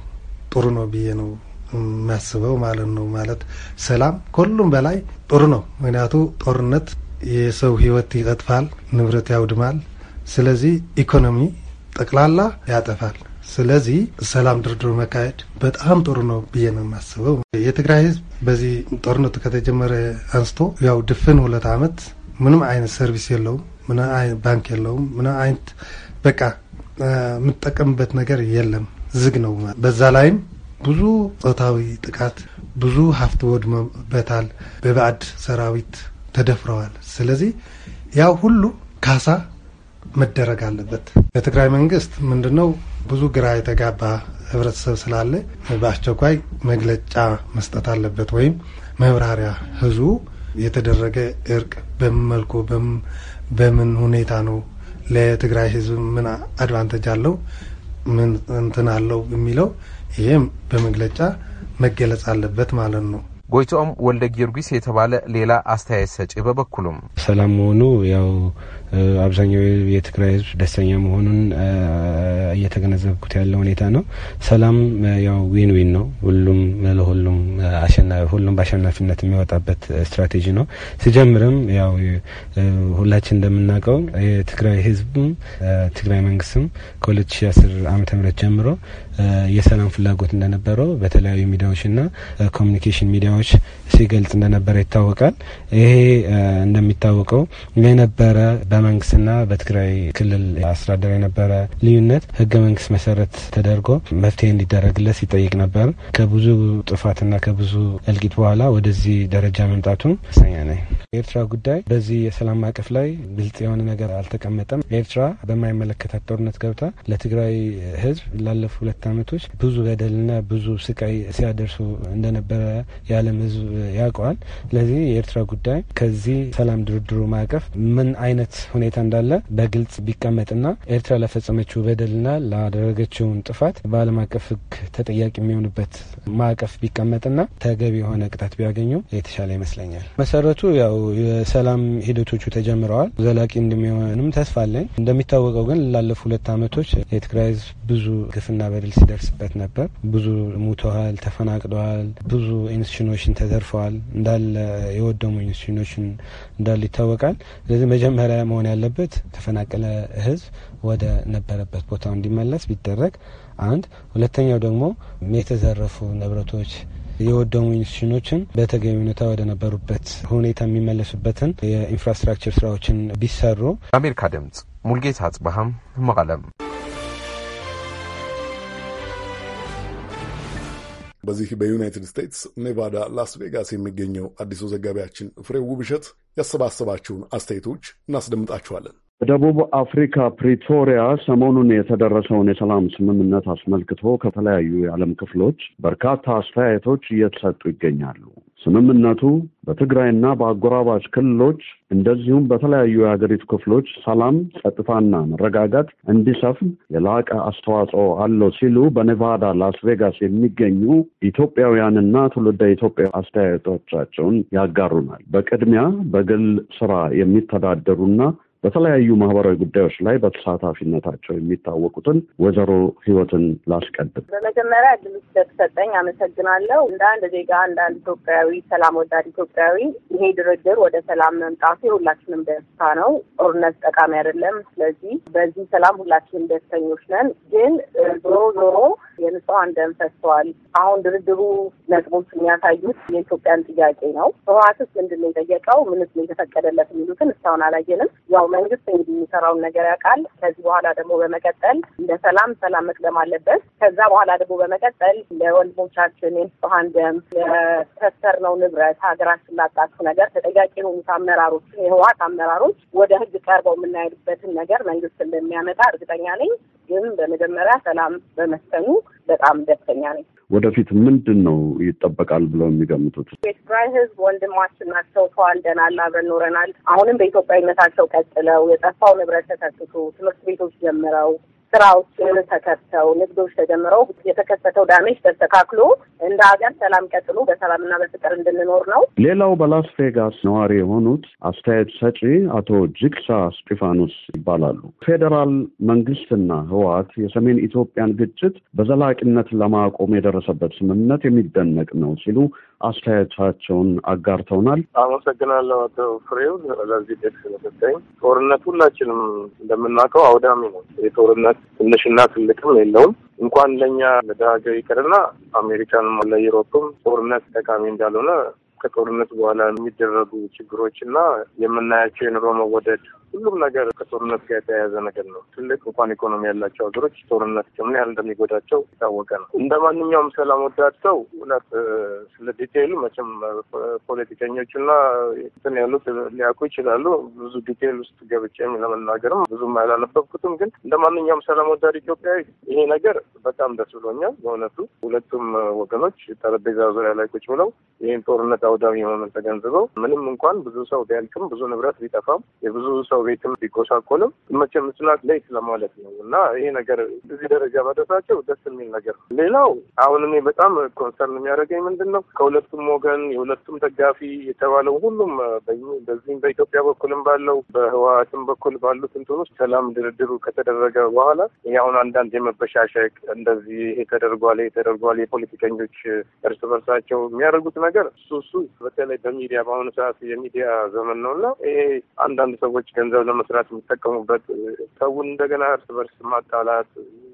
ጥሩ ነው ብዬ ነው የሚያስበው ማለት ነው። ማለት ሰላም ከሁሉም በላይ ጥሩ ነው። ምክንያቱ ጦርነት የሰው ህይወት ይቀጥፋል፣ ንብረት ያውድማል፣ ስለዚህ ኢኮኖሚ ጠቅላላ ያጠፋል። ስለዚህ ሰላም ድርድሩ መካሄድ በጣም ጥሩ ነው ብዬ ነው የማስበው። የትግራይ ህዝብ በዚህ ጦርነቱ ከተጀመረ አንስቶ ያው ድፍን ሁለት ዓመት ምንም አይነት ሰርቪስ የለውም፣ ምንም አይነት ባንክ የለውም፣ ምንም አይነት በቃ የምጠቀምበት ነገር የለም፣ ዝግ ነው። በዛ ላይም ብዙ ጾታዊ ጥቃት፣ ብዙ ሀብት ወድመበታል፣ በባዕድ ሰራዊት ተደፍረዋል። ስለዚህ ያው ሁሉ ካሳ መደረግ አለበት። የትግራይ መንግስት ምንድነው ብዙ ግራ የተጋባ ህብረተሰብ ስላለ በአስቸኳይ መግለጫ መስጠት አለበት ወይም መብራሪያ ህዝቡ የተደረገ እርቅ በምን መልኩ በምን ሁኔታ ነው ለትግራይ ህዝብ ምን አድቫንቴጅ አለው ምን እንትን አለው የሚለው ይሄም በመግለጫ መገለጽ አለበት ማለት ነው። ጎይቶም ወልደ ጊዮርጊስ የተባለ ሌላ አስተያየት ሰጪ በበኩሉም ሰላም መሆኑ ያው አብዛኛው የትግራይ ህዝብ ደስተኛ መሆኑን እየተገነዘብኩት ያለ ሁኔታ ነው። ሰላም ያው ዊን ዊን ነው። ሁሉም ለሁሉም ሁሉም በአሸናፊነት የሚወጣበት ስትራቴጂ ነው። ሲጀምርም ያው ሁላችን እንደምናውቀው የትግራይ ህዝብም ትግራይ መንግስትም ከ2010 ዓመተ ምህረት ጀምሮ የሰላም ፍላጎት እንደነበረው በተለያዩ ሚዲያዎችና ኮሚኒኬሽን ሚዲያዎች ሲገልጽ እንደነበረ ይታወቃል። ይሄ እንደሚታወቀው የነበረ መንግስትና በትግራይ ክልል አስተዳደር የነበረ ልዩነት ህገ መንግስት መሰረት ተደርጎ መፍትሄ እንዲደረግለት ሲጠይቅ ነበር። ከብዙ ጥፋትና ከብዙ እልቂት በኋላ ወደዚህ ደረጃ መምጣቱ ሰኛ ነኝ። የኤርትራ ጉዳይ በዚህ የሰላም ማዕቀፍ ላይ ግልጽ የሆነ ነገር አልተቀመጠም። ኤርትራ በማይመለከታት ጦርነት ገብታ ለትግራይ ህዝብ ላለፉ ሁለት ዓመቶች ብዙ በደልና ብዙ ስቃይ ሲያደርሱ እንደነበረ የዓለም ህዝብ ያውቀዋል። ስለዚህ የኤርትራ ጉዳይ ከዚህ ሰላም ድርድሩ ማዕቀፍ ምን አይነት ሁኔታ እንዳለ በግልጽ ቢቀመጥና ኤርትራ ለፈጸመችው በደልና ላደረገችውን ጥፋት በዓለም አቀፍ ሕግ ተጠያቂ የሚሆንበት ማዕቀፍ ቢቀመጥና ተገቢ የሆነ ቅጣት ቢያገኙ የተሻለ ይመስለኛል። መሰረቱ ያው የሰላም ሂደቶቹ ተጀምረዋል። ዘላቂ እንደሚሆንም ተስፋ አለኝ። እንደሚታወቀው ግን ላለፉ ሁለት ዓመቶች የትግራይ ሕዝብ ብዙ ግፍና በደል ሲደርስበት ነበር። ብዙ ሙተዋል፣ ተፈናቅለዋል፣ ብዙ ኢንስቲትዩሽኖችን ተዘርፈዋል። እንዳለ የወደሙ ኢንስቲትዩሽኖችን እንዳሉ ይታወቃል። ስለዚህ መጀመሪያ መሆን ያለበት ተፈናቀለ ህዝብ ወደ ነበረበት ቦታው እንዲመለስ ቢደረግ አንድ። ሁለተኛው ደግሞ የተዘረፉ ንብረቶች የወደሙ ኢንስቲትዩሽኖችን በተገቢ ሁኔታ ወደ ነበሩበት ሁኔታ የሚመለሱበትን የኢንፍራስትራክቸር ስራዎችን ቢሰሩ። የአሜሪካ ድምጽ ሙልጌታ አጽባሃም መቀለም በዚህ በዩናይትድ ስቴትስ ኔቫዳ ላስ ቬጋስ የሚገኘው አዲሱ ዘጋቢያችን ፍሬው ውብሸት ያሰባሰባቸውን አስተያየቶች እናስደምጣችኋለን። በደቡብ አፍሪካ ፕሪቶሪያ ሰሞኑን የተደረሰውን የሰላም ስምምነት አስመልክቶ ከተለያዩ የዓለም ክፍሎች በርካታ አስተያየቶች እየተሰጡ ይገኛሉ። ስምምነቱ በትግራይና በአጎራባች ክልሎች እንደዚሁም በተለያዩ የሀገሪቱ ክፍሎች ሰላም፣ ጸጥታና መረጋጋት እንዲሰፍን የላቀ አስተዋጽኦ አለው ሲሉ በኔቫዳ ላስ ቬጋስ የሚገኙ ኢትዮጵያውያንና ትውልደ ኢትዮጵያ አስተያየቶቻቸውን ያጋሩናል። በቅድሚያ በግል ስራ የሚተዳደሩና በተለያዩ ማህበራዊ ጉዳዮች ላይ በተሳታፊነታቸው የሚታወቁትን ወይዘሮ ህይወትን ላስቀድም። በመጀመሪያ እድል ስለተሰጠኝ አመሰግናለሁ። እንደ አንድ ዜጋ፣ እንደ አንድ ኢትዮጵያዊ፣ ሰላም ወዳድ ኢትዮጵያዊ ይሄ ድርድር ወደ ሰላም መምጣቱ የሁላችንም ደስታ ነው። ጦርነት ጠቃሚ አይደለም። ስለዚህ በዚህ ሰላም ሁላችንም ደስተኞች ነን። ግን ዞሮ ዞሮ የንጹሐን ደም ፈሰዋል። አሁን ድርድሩ ነጥቦች የሚያሳዩት የኢትዮጵያን ጥያቄ ነው። ህወሓትስ ምንድን ነው የጠየቀው? ምንስ ነው የተፈቀደለት? የሚሉትን እስካሁን አላየንም። ያው መንግስት እንግዲህ የሚሰራውን ነገር ያውቃል። ከዚህ በኋላ ደግሞ በመቀጠል ለሰላም ሰላም መቅደም አለበት። ከዛ በኋላ ደግሞ በመቀጠል ለወንድሞቻችን የንስፋሃን ደም ነው ንብረት ሀገራችን ላጣችሁ ነገር ተጠያቂ የሆኑት አመራሮች የህወሓት አመራሮች ወደ ህግ ቀርበው የምናሄድበትን ነገር መንግስት እንደሚያመጣ እርግጠኛ ነኝ። ግን በመጀመሪያ ሰላም በመስተኑ በጣም ደስተኛ ነኝ። ወደፊት ምንድን ነው ይጠበቃል ብለው የሚገምቱት? የትግራይ ህዝብ ወንድማችን ናቸው። ተዋልደናል፣ አብረን ኖረናል። አሁንም በኢትዮጵያዊነታቸው ቀጥለው የጠፋው ንብረት ተተክቶ ትምህርት ቤቶች ጀምረው ስራዎች ተከፍተው ንግዶች ተጀምረው የተከሰተው ዳሜጅ ተስተካክሎ እንደ ሀገር ሰላም ቀጥሎ በሰላምና በፍቅር እንድንኖር ነው። ሌላው በላስ ቬጋስ ነዋሪ የሆኑት አስተያየት ሰጪ አቶ ጅግሳ እስጢፋኖስ ይባላሉ። ፌዴራል መንግስትና ህወሓት የሰሜን ኢትዮጵያን ግጭት በዘላቂነት ለማቆም የደረሰበት ስምምነት የሚደነቅ ነው ሲሉ አስተያየታቸውን አጋርተውናል። አመሰግናለሁ አቶ ፍሬው ለዚህ ደስ ስለሰጠኝ። ጦርነት ሁላችንም እንደምናውቀው አውዳሚ ነው። የጦርነት ትንሽና ትልቅም የለውም። እንኳን ለእኛ ለደሀገር ይቅርና አሜሪካንም ለዩሮፕም ጦርነት ጠቃሚ እንዳልሆነ ከጦርነት በኋላ የሚደረጉ ችግሮች እና የምናያቸው የኑሮ መወደድ ሁሉም ነገር ከጦርነት ጋር የተያያዘ ነገር ነው። ትልቅ እንኳን ኢኮኖሚ ያላቸው ሀገሮች ጦርነት ምን ያህል እንደሚጎዳቸው የታወቀ ነው። እንደ ማንኛውም ሰላም ወዳድ ሰው እውነት ስለ ዲቴይሉ መቼም ፖለቲከኞች እና እንትን ያሉት ሊያውቁ ይችላሉ። ብዙ ዲቴይል ውስጥ ገብቼም ለመናገርም ብዙም አላነበብኩትም። ግን እንደ ማንኛውም ሰላም ወዳድ ኢትዮጵያዊ ይሄ ነገር በጣም ደስ ብሎኛል በእውነቱ ሁለቱም ወገኖች ጠረጴዛ ዙሪያ ላይ ቁጭ ብለው ይህን ጦርነት አውዳሚ መሆኑን ተገንዝበው ምንም እንኳን ብዙ ሰው ቢያልቅም ብዙ ንብረት ቢጠፋም የብዙ ሰው ቤትም ቢጎሳቆልም መቼም ምስላት ለይት ለማለት ነው እና ይሄ ነገር እዚህ ደረጃ መድረሳቸው ደስ የሚል ነገር ነው። ሌላው አሁን እኔ በጣም ኮንሰርን የሚያደርገኝ ምንድን ነው ከሁለቱም ወገን የሁለቱም ደጋፊ የተባለው ሁሉም በዚህም በኢትዮጵያ በኩልም ባለው በህወሀትም በኩል ባሉት እንትኖች ሰላም ድርድሩ ከተደረገ በኋላ ይሄ አሁን አንዳንድ የመበሻሸቅ እንደዚህ ይሄ ተደርጓል፣ ይሄ ተደርጓል የፖለቲከኞች እርስ በርሳቸው የሚያደርጉት ነገር እሱ እሱ በተለይ በሚዲያ በአሁኑ ሰዓት የሚዲያ ዘመን ነው እና ይሄ አንዳንድ ሰዎች ገንዘብ ለመስራት የሚጠቀሙበት ሰውን እንደገና እርስ በርስ ማጣላት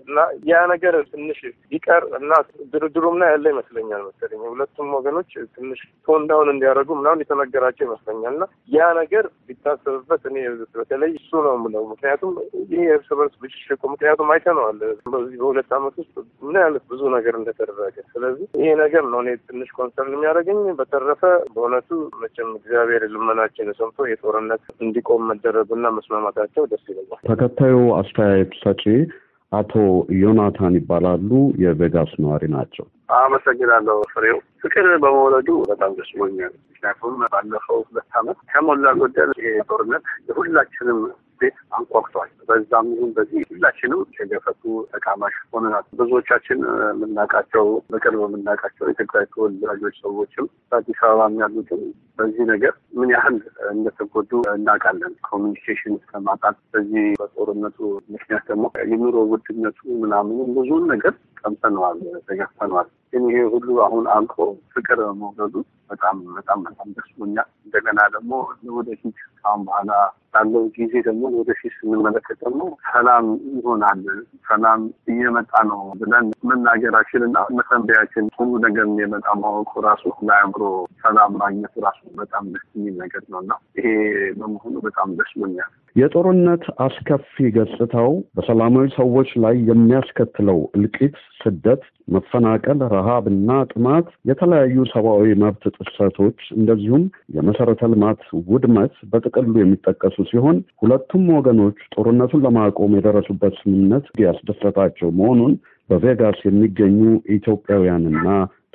እና ያ ነገር ትንሽ ቢቀር እና ድርድሩም ላይ ያለ ይመስለኛል መሰለኝ ሁለቱም ወገኖች ትንሽ ቶን ዳውን እንዲያደርጉ ምናምን የተነገራቸው ይመስለኛል እና ያ ነገር ቢታሰብበት እኔ በተለይ እሱ ነው የምለው። ምክንያቱም ይህ የእርስ በርስ ብሽሽቁ ምክንያቱም አይተነዋል በዚህ በሁለት አመት ውስጥ ምን አይነት ብዙ ነገር እንደተደረገ። ስለዚህ ይሄ ነገር ነው እኔ ትንሽ ኮንሰርን የሚያደርገኝ። በተረፈ በእውነቱ መቼም እግዚአብሔር ልመናችን ሰምቶ የጦርነት እንዲቆም መደረጉና መስማማታቸው ደስ ይለኛል። ተከታዩ አስተያየት ሰጪ አቶ ዮናታን ይባላሉ። የቬጋስ ነዋሪ ናቸው። አመሰግናለሁ ፍሬው። ፍቅር በመውለዱ በጣም ደስ ብሎኛል። ምክንያቱም ባለፈው ሁለት ዓመት ከሞላ ጎደል ይሄ ጦርነት የሁላችንም ቤት አንኳኩቷል። በዛም ይሁን በዚህ ሁላችንም የገፈቱ ተቃማሽ ሆነናል። ብዙዎቻችን የምናውቃቸው በቅርብ የምናውቃቸው የትግራይ ተወላጆች ሰዎችም በአዲስ አበባም ያሉትም በዚህ ነገር ምን ያህል እንደተጎዱ እናውቃለን። ኮሚኒኬሽን ማጣት በዚህ በጦርነቱ ምክንያት ደግሞ የኑሮ ውድነቱ ምናምኑ ብዙውን ነገር ቀምሰነዋል፣ ተገፍተነዋል። ግን ይሄ ሁሉ አሁን አልቆ ፍቅር መውለዱ በጣም በጣም በጣም ደስ ብሎኛል። እንደገና ደግሞ ወደፊት ካሁን በኋላ ባለው ጊዜ ደግሞ ወደፊት ስንመለከት ደግሞ ሰላም ይሆናል፣ ሰላም እየመጣ ነው ብለን መናገራችን እና መሰንበያችን ሁሉ ነገር የመጣ ማወቁ ራሱ ለአእምሮ ሰላም ማግኘቱ ራሱ በጣም ደስ የሚል ነገር ነው እና ይሄ በመሆኑ በጣም ደስ ብሎኛል። የጦርነት አስከፊ ገጽታው በሰላማዊ ሰዎች ላይ የሚያስከትለው እልቂት፣ ስደት፣ መፈናቀል፣ ረሃብ እና ጥማት፣ የተለያዩ ሰብአዊ መብት ጥሰቶች እንደዚሁም የመሰረተ ልማት ውድመት በጥቅሉ የሚጠቀሱ ሲሆን ሁለቱም ወገኖች ጦርነቱን ለማቆም የደረሱበት ስምምነት ያስደሰታቸው መሆኑን በቬጋስ የሚገኙ ኢትዮጵያውያንና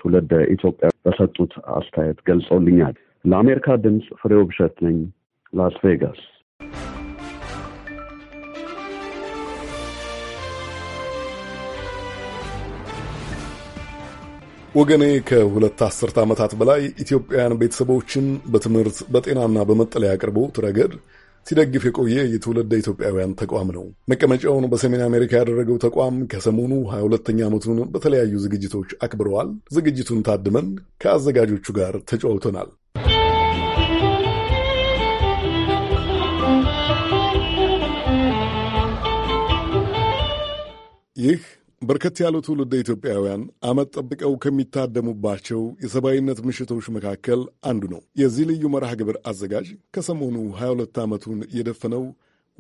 ትውልደ ኢትዮጵያ በሰጡት አስተያየት ገልጸውልኛል። ለአሜሪካ ድምፅ ፍሬው ብሸት ነኝ ላስ ቬጋስ። ወገኔ ከሁለት አስርት ዓመታት በላይ ኢትዮጵያውያን ቤተሰቦችን በትምህርት በጤናና በመጠለያ አቅርቦት ረገድ ሲደግፍ የቆየ የትውልደ ኢትዮጵያውያን ተቋም ነው። መቀመጫውን በሰሜን አሜሪካ ያደረገው ተቋም ከሰሞኑ 22ኛ ዓመቱን በተለያዩ ዝግጅቶች አክብረዋል። ዝግጅቱን ታድመን ከአዘጋጆቹ ጋር ተጫውተናል። ይህ በርከት ያሉ ትውልደ ኢትዮጵያውያን አመት ጠብቀው ከሚታደሙባቸው የሰብአዊነት ምሽቶች መካከል አንዱ ነው። የዚህ ልዩ መርሃ ግብር አዘጋጅ ከሰሞኑ 22 ዓመቱን የደፈነው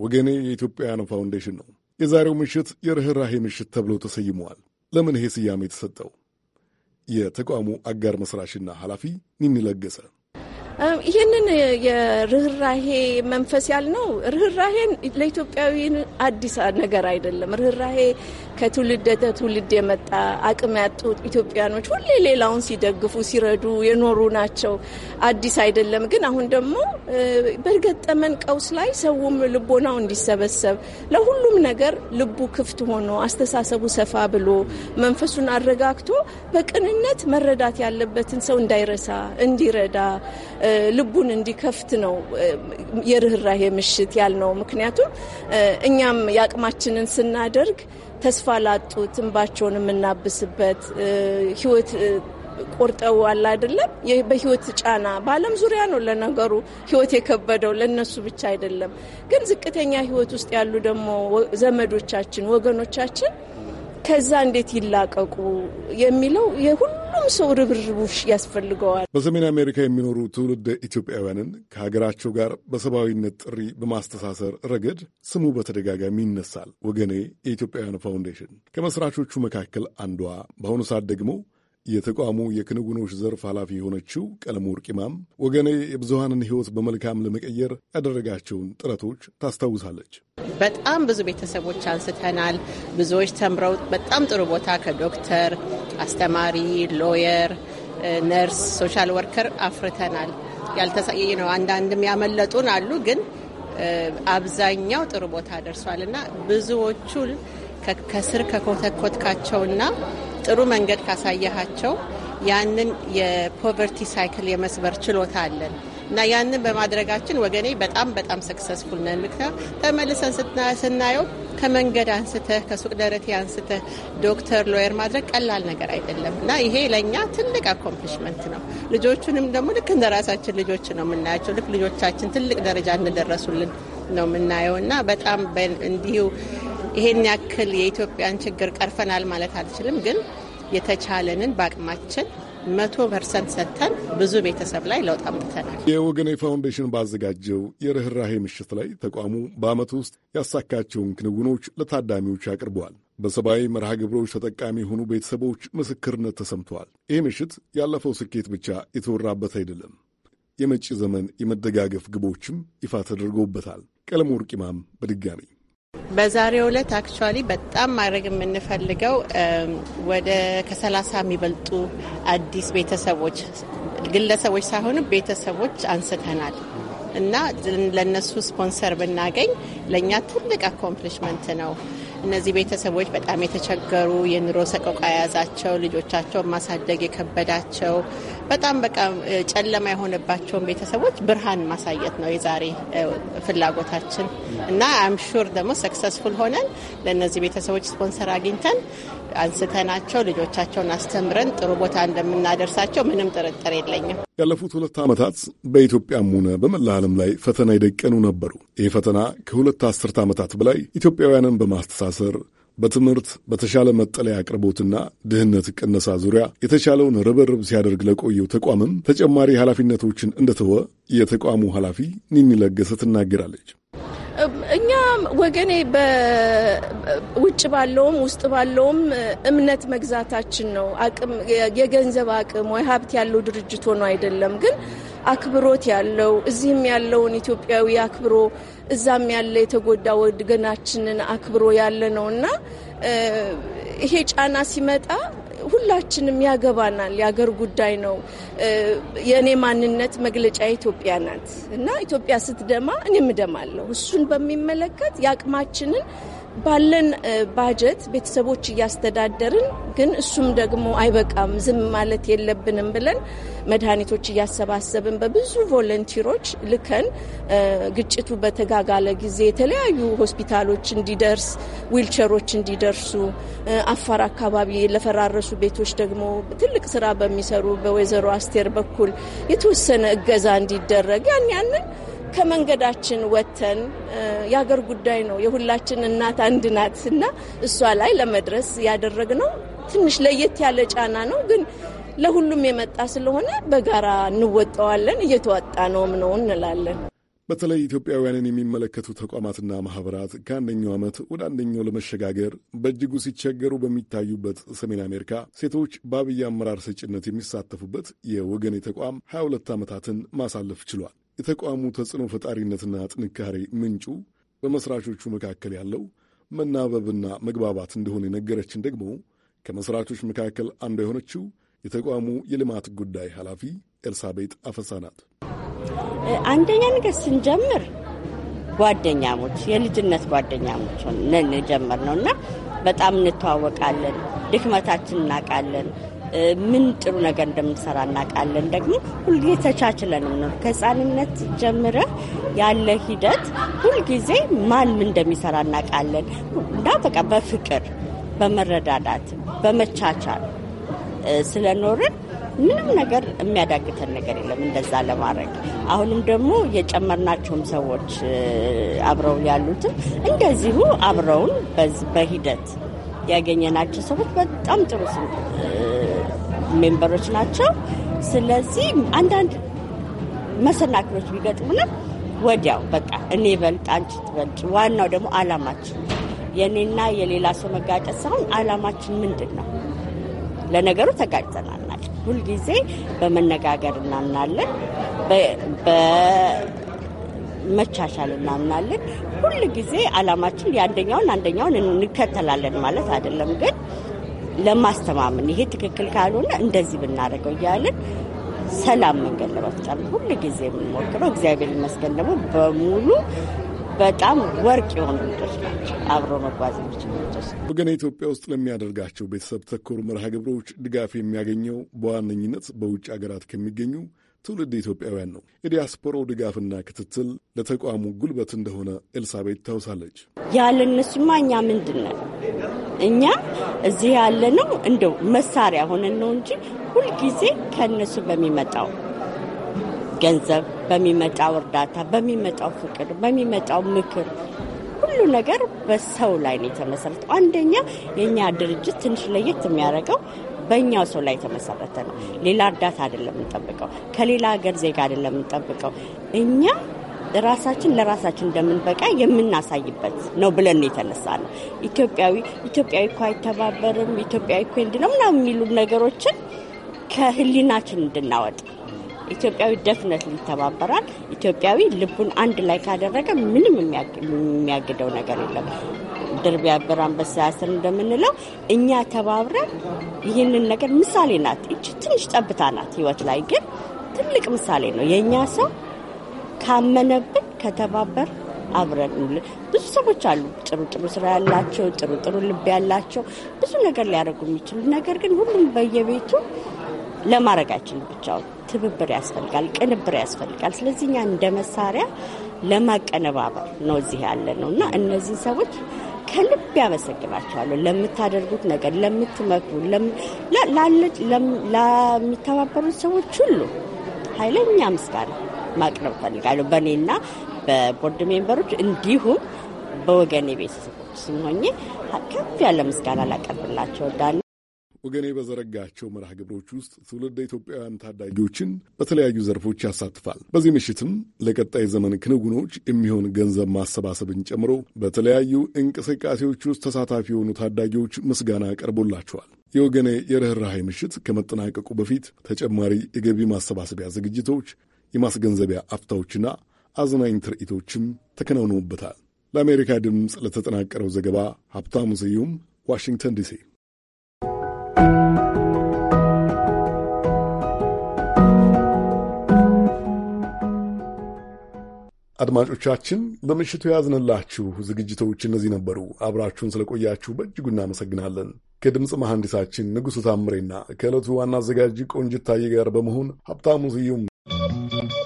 ወገኔ የኢትዮጵያውያኑ ፋውንዴሽን ነው። የዛሬው ምሽት የርኅራሄ ምሽት ተብሎ ተሰይመዋል። ለምን ይሄ ስያሜ የተሰጠው? የተቋሙ አጋር መስራችና ኃላፊ ኒኒ ለገሰ ይህንን የርኅራሄ መንፈስ ያልነው ርኅራሄን ለኢትዮጵያዊ አዲስ ነገር አይደለም። ርኅራሄ ከትውልድ ወደ ትውልድ የመጣ አቅም ያጡ ኢትዮጵያኖች ሁሌ ሌላውን ሲደግፉ ሲረዱ የኖሩ ናቸው። አዲስ አይደለም። ግን አሁን ደግሞ በገጠመን ቀውስ ላይ ሰውም ልቦናው እንዲሰበሰብ ለሁሉም ነገር ልቡ ክፍት ሆኖ አስተሳሰቡ ሰፋ ብሎ መንፈሱን አረጋግቶ በቅንነት መረዳት ያለበትን ሰው እንዳይረሳ እንዲረዳ ልቡን እንዲከፍት ነው የርኅራሄ ምሽት ያልነው። ምክንያቱም እኛም የአቅማችንን ስናደርግ ተስፋ ላጡ እንባቸውን የምናብስበት ህይወት ቆርጠው አለ አይደለም። በህይወት ጫና በዓለም ዙሪያ ነው ለነገሩ ህይወት የከበደው ለነሱ ብቻ አይደለም። ግን ዝቅተኛ ህይወት ውስጥ ያሉ ደግሞ ዘመዶቻችን፣ ወገኖቻችን ከዛ እንዴት ይላቀቁ የሚለው የሁሉም ሰው ርብርቦሽ ያስፈልገዋል። በሰሜን አሜሪካ የሚኖሩ ትውልድ ኢትዮጵያውያንን ከሀገራቸው ጋር በሰብአዊነት ጥሪ በማስተሳሰር ረገድ ስሙ በተደጋጋሚ ይነሳል። ወገኔ የኢትዮጵያውያን ፋውንዴሽን ከመስራቾቹ መካከል አንዷ በአሁኑ ሰዓት ደግሞ የተቋሙ የክንውኖች ዘርፍ ኃላፊ የሆነችው ቀለም ወርቅ ወገኔ የብዙሃንን ህይወት በመልካም ለመቀየር ያደረጋቸውን ጥረቶች ታስታውሳለች። በጣም ብዙ ቤተሰቦች አንስተናል። ብዙዎች ተምረው በጣም ጥሩ ቦታ ከዶክተር፣ አስተማሪ፣ ሎየር፣ ነርስ፣ ሶሻል ወርከር አፍርተናል። ነው አንዳንድም ያመለጡን አሉ፣ ግን አብዛኛው ጥሩ ቦታ ደርሷል እና ብዙዎቹ ከስር ከኮተኮትካቸውና ጥሩ መንገድ ካሳየሃቸው ያንን የፖቨርቲ ሳይክል የመስበር ችሎታ አለን እና ያንን በማድረጋችን ወገኔ በጣም በጣም ሰክሰስፉል ነን። ተመልሰን ስናየው ከመንገድ አንስተህ ከሱቅ ደረቴ አንስተህ ዶክተር፣ ሎየር ማድረግ ቀላል ነገር አይደለም እና ይሄ ለእኛ ትልቅ አኮምፕሊሽመንት ነው። ልጆቹንም ደግሞ ልክ እንደ ራሳችን ልጆች ነው የምናያቸው። ልክ ልጆቻችን ትልቅ ደረጃ እንደደረሱልን ነው የምናየው እና በጣም እንዲሁ ይሄን ያክል የኢትዮጵያን ችግር ቀርፈናል ማለት አልችልም፣ ግን የተቻለንን በአቅማችን መቶ ፐርሰንት ሰጥተን ብዙ ቤተሰብ ላይ ለውጥ አምጥተናል። የወገኔ ፋውንዴሽን ባዘጋጀው የርኅራሄ ምሽት ላይ ተቋሙ በዓመት ውስጥ ያሳካቸውን ክንውኖች ለታዳሚዎች አቅርበዋል። በሰብአዊ መርሃ ግብሮች ተጠቃሚ የሆኑ ቤተሰቦች ምስክርነት ተሰምተዋል። ይህ ምሽት ያለፈው ስኬት ብቻ የተወራበት አይደለም። የመጪ ዘመን የመደጋገፍ ግቦችም ይፋ ተደርገውበታል። ቀለም ወርቅ ማም በድጋሚ በዛሬው ዕለት አክቹዋሊ በጣም ማድረግ የምንፈልገው ወደ ከሰላሳ የሚበልጡ አዲስ ቤተሰቦች ግለሰቦች ሳይሆኑ ቤተሰቦች አንስተናል እና ለነሱ ስፖንሰር ብናገኝ ለእኛ ትልቅ አኮምፕሊሽመንት ነው። እነዚህ ቤተሰቦች በጣም የተቸገሩ የኑሮ ሰቆቃ የያዛቸው ልጆቻቸውን ማሳደግ የከበዳቸው በጣም በቃ ጨለማ የሆነባቸውን ቤተሰቦች ብርሃን ማሳየት ነው የዛሬ ፍላጎታችን እና አምሹር ደግሞ ሰክሰስፉል ሆነን ለእነዚህ ቤተሰቦች ስፖንሰር አግኝተን አንስተናቸው ልጆቻቸውን አስተምረን ጥሩ ቦታ እንደምናደርሳቸው ምንም ጥርጥር የለኝም። ያለፉት ሁለት ዓመታት በኢትዮጵያም ሆነ በመላ ዓለም ላይ ፈተና የደቀኑ ነበሩ። ይህ ፈተና ከሁለት አስርት ዓመታት በላይ ኢትዮጵያውያንን በማስተሳሰር በትምህርት በተሻለ መጠለያ አቅርቦትና ድህነት ቅነሳ ዙሪያ የተቻለውን ርብርብ ሲያደርግ ለቆየው ተቋምም ተጨማሪ ኃላፊነቶችን እንደተወ የተቋሙ ኃላፊ ኒኒ ለገሰ ትናገራለች። እኛ ወገኔ በውጭ ባለውም ውስጥ ባለውም እምነት መግዛታችን ነው። አቅም የገንዘብ አቅም ወይ ሀብት ያለው ድርጅት ሆኖ አይደለም፣ ግን አክብሮት ያለው እዚህም ያለውን ኢትዮጵያዊ አክብሮ እዛም ያለ የተጎዳ ወገናችንን አክብሮ ያለ ነው እና ይሄ ጫና ሲመጣ ሁላችንም ያገባናል። የአገር ጉዳይ ነው። የእኔ ማንነት መግለጫ ኢትዮጵያ ናት እና ኢትዮጵያ ስትደማ እኔም እደማለሁ። እሱን በሚመለከት የአቅማችንን ባለን ባጀት ቤተሰቦች እያስተዳደርን ግን እሱም ደግሞ አይበቃም፣ ዝም ማለት የለብንም ብለን መድኃኒቶች እያሰባሰብን በብዙ ቮለንቲሮች ልከን ግጭቱ በተጋጋለ ጊዜ የተለያዩ ሆስፒታሎች እንዲደርስ ዊልቸሮች እንዲደርሱ፣ አፋር አካባቢ ለፈራረሱ ቤቶች ደግሞ ትልቅ ስራ በሚሰሩ በወይዘሮ አስቴር በኩል የተወሰነ እገዛ እንዲደረግ ያን ያንን ከመንገዳችን ወጥተን የሀገር ጉዳይ ነው የሁላችን እናት አንድ ናት እና እሷ ላይ ለመድረስ ነው። ትንሽ ለየት ያለ ጫና ነው ግን ለሁሉም የመጣ ስለሆነ በጋራ እንወጣዋለን እየተወጣ ነውም ነው እንላለን። በተለይ ኢትዮጵያውያንን የሚመለከቱ ተቋማትና ማህበራት ከአንደኛው ዓመት ወደ አንደኛው ለመሸጋገር በእጅጉ ሲቸገሩ በሚታዩበት ሰሜን አሜሪካ ሴቶች በአብይ አመራር ሰጭነት የሚሳተፉበት የወገኔ ተቋም 22 ዓመታትን ማሳለፍ ችሏል። የተቋሙ ተጽዕኖ ፈጣሪነትና ጥንካሬ ምንጩ በመስራቾቹ መካከል ያለው መናበብና መግባባት እንደሆነ የነገረችን ደግሞ ከመስራቾች መካከል አንዷ የሆነችው የተቋሙ የልማት ጉዳይ ኃላፊ ኤልሳቤጥ አፈሳ ናት። አንደኛ ነገር ስንጀምር ጓደኛሞች የልጅነት ጓደኛሞች ነን የጀመርነው እና በጣም እንተዋወቃለን፣ ድክመታችን እናውቃለን፣ ምን ጥሩ ነገር እንደምንሰራ እናውቃለን። ደግሞ ሁልጊዜ ተቻችለንም ነው ከህፃንነት ጀምረ ያለ ሂደት ሁልጊዜ ማን ምን እንደሚሰራ እናውቃለን እና በቃ በፍቅር በመረዳዳት በመቻቻል ስለኖርን ምንም ነገር የሚያዳግተን ነገር የለም። እንደዛ ለማድረግ አሁንም ደግሞ የጨመርናቸውም ሰዎች አብረው ያሉትም እንደዚሁ አብረውን በሂደት ያገኘናቸው ሰዎች በጣም ጥሩ ሜምበሮች ናቸው። ስለዚህ አንዳንድ መሰናክሎች ቢገጥሙንም ወዲያው በቃ እኔ በልጥ አንቺ ትበልጭ፣ ዋናው ደግሞ አላማችን የእኔና የሌላ ሰው መጋጨት ሳይሆን አላማችን ምንድን ነው? ለነገሩ ተጋጭተናል። ሁልጊዜ በመነጋገር እናምናለን። መቻቻል እናምናለን። ሁል ጊዜ አላማችን የአንደኛውን አንደኛውን እንከተላለን ማለት አይደለም፣ ግን ለማስተማመን ይሄ ትክክል ካልሆነ እንደዚህ ብናደርገው እያለን ሰላም መንገድ ለመፍጠር ሁል ጊዜ የምንሞክረው። እግዚአብሔር ይመስገን ደግሞ በሙሉ በጣም ወርቅ የሆኑ ልጆች ናቸው። አብሮ መጓዝ የሚችሉ ወገን ኢትዮጵያ ውስጥ ለሚያደርጋቸው ቤተሰብ ተኮር መርሃ ግብሮች ድጋፍ የሚያገኘው በዋነኝነት በውጭ ሀገራት ከሚገኙ ትውልድ ኢትዮጵያውያን ነው። የዲያስፖራው ድጋፍና ክትትል ለተቋሙ ጉልበት እንደሆነ ኤልሳቤት ታውሳለች። ያለ እነሱማ እኛ ምንድን ነው? እኛ እዚህ ያለ ነው እንደው መሳሪያ ሆነን ነው እንጂ ሁልጊዜ ከእነሱ በሚመጣው ገንዘብ፣ በሚመጣው እርዳታ፣ በሚመጣው ፍቅር፣ በሚመጣው ምክር ሁሉ ነገር በሰው ላይ ነው የተመሰረተው። አንደኛ የእኛ ድርጅት ትንሽ ለየት የሚያደርገው በእኛው ሰው ላይ የተመሰረተ ነው። ሌላ እርዳታ አይደለም የምንጠብቀው፣ ከሌላ ሀገር ዜጋ አይደለም የምንጠብቀው። እኛ ራሳችን ለራሳችን እንደምንበቃ የምናሳይበት ነው ብለን የተነሳ ነው። ኢትዮጵያዊ ኢትዮጵያዊ እኮ አይተባበርም፣ ኢትዮጵያዊ እኮ እንዲህ ነው ምናምን የሚሉ ነገሮችን ከህሊናችን እንድናወጥ ኢትዮጵያዊ ደፍነት ይተባበራል። ኢትዮጵያዊ ልቡን አንድ ላይ ካደረገ ምንም የሚያግደው ነገር የለም። ድር ቢያብር አንበሳ ያስር እንደምንለው እኛ ተባብረን ይህንን ነገር ምሳሌ ናት። እች ትንሽ ጠብታ ናት ህይወት ላይ ግን ትልቅ ምሳሌ ነው። የእኛ ሰው ካመነብን ከተባበር አብረን ብዙ ሰዎች አሉ፣ ጥሩ ጥሩ ስራ ያላቸው ጥሩ ጥሩ ልብ ያላቸው ብዙ ነገር ሊያደርጉ የሚችሉ ነገር ግን ሁሉም በየቤቱ ለማድረጋችን ብቻው ትብብር ያስፈልጋል፣ ቅንብር ያስፈልጋል። ስለዚህ እኛ እንደ መሳሪያ ለማቀነባበር ነው እዚህ ያለ ነው እና እነዚህ ሰዎች ከልብ ያመሰግናቸዋለሁ። ለምታደርጉት ነገር፣ ለምትመክሩ፣ ለሚተባበሩት ሰዎች ሁሉ ኃይለኛ ምስጋና ማቅረብ ፈልጋለሁ በእኔና በቦርድ ሜምበሮች እንዲሁም በወገኔ ቤተሰቦች ስም ከፍ ያለ ምስጋና ላቀርብላቸው እወዳለሁ። ወገኔ በዘረጋቸው መርሃ ግብሮች ውስጥ ትውልደ ኢትዮጵያውያን ታዳጊዎችን በተለያዩ ዘርፎች ያሳትፋል። በዚህ ምሽትም ለቀጣይ ዘመን ክንውኖች የሚሆን ገንዘብ ማሰባሰብን ጨምሮ በተለያዩ እንቅስቃሴዎች ውስጥ ተሳታፊ የሆኑ ታዳጊዎች ምስጋና ቀርቦላቸዋል። የወገኔ የርኅራሄ ምሽት ከመጠናቀቁ በፊት ተጨማሪ የገቢ ማሰባሰቢያ ዝግጅቶች፣ የማስገንዘቢያ አፍታዎችና አዝናኝ ትርኢቶችም ተከናውነውበታል። ለአሜሪካ ድምፅ ለተጠናቀረው ዘገባ ሀብታሙ ስዩም ዋሽንግተን ዲሲ አድማጮቻችን በምሽቱ ያዝንላችሁ ዝግጅቶች እነዚህ ነበሩ። አብራችሁን ስለቆያችሁ በእጅጉ እናመሰግናለን። ከድምፅ መሐንዲሳችን ንጉሡ ታምሬና ከዕለቱ ዋና አዘጋጅ ቆንጅታዬ ጋር በመሆን ሀብታሙ ስዩም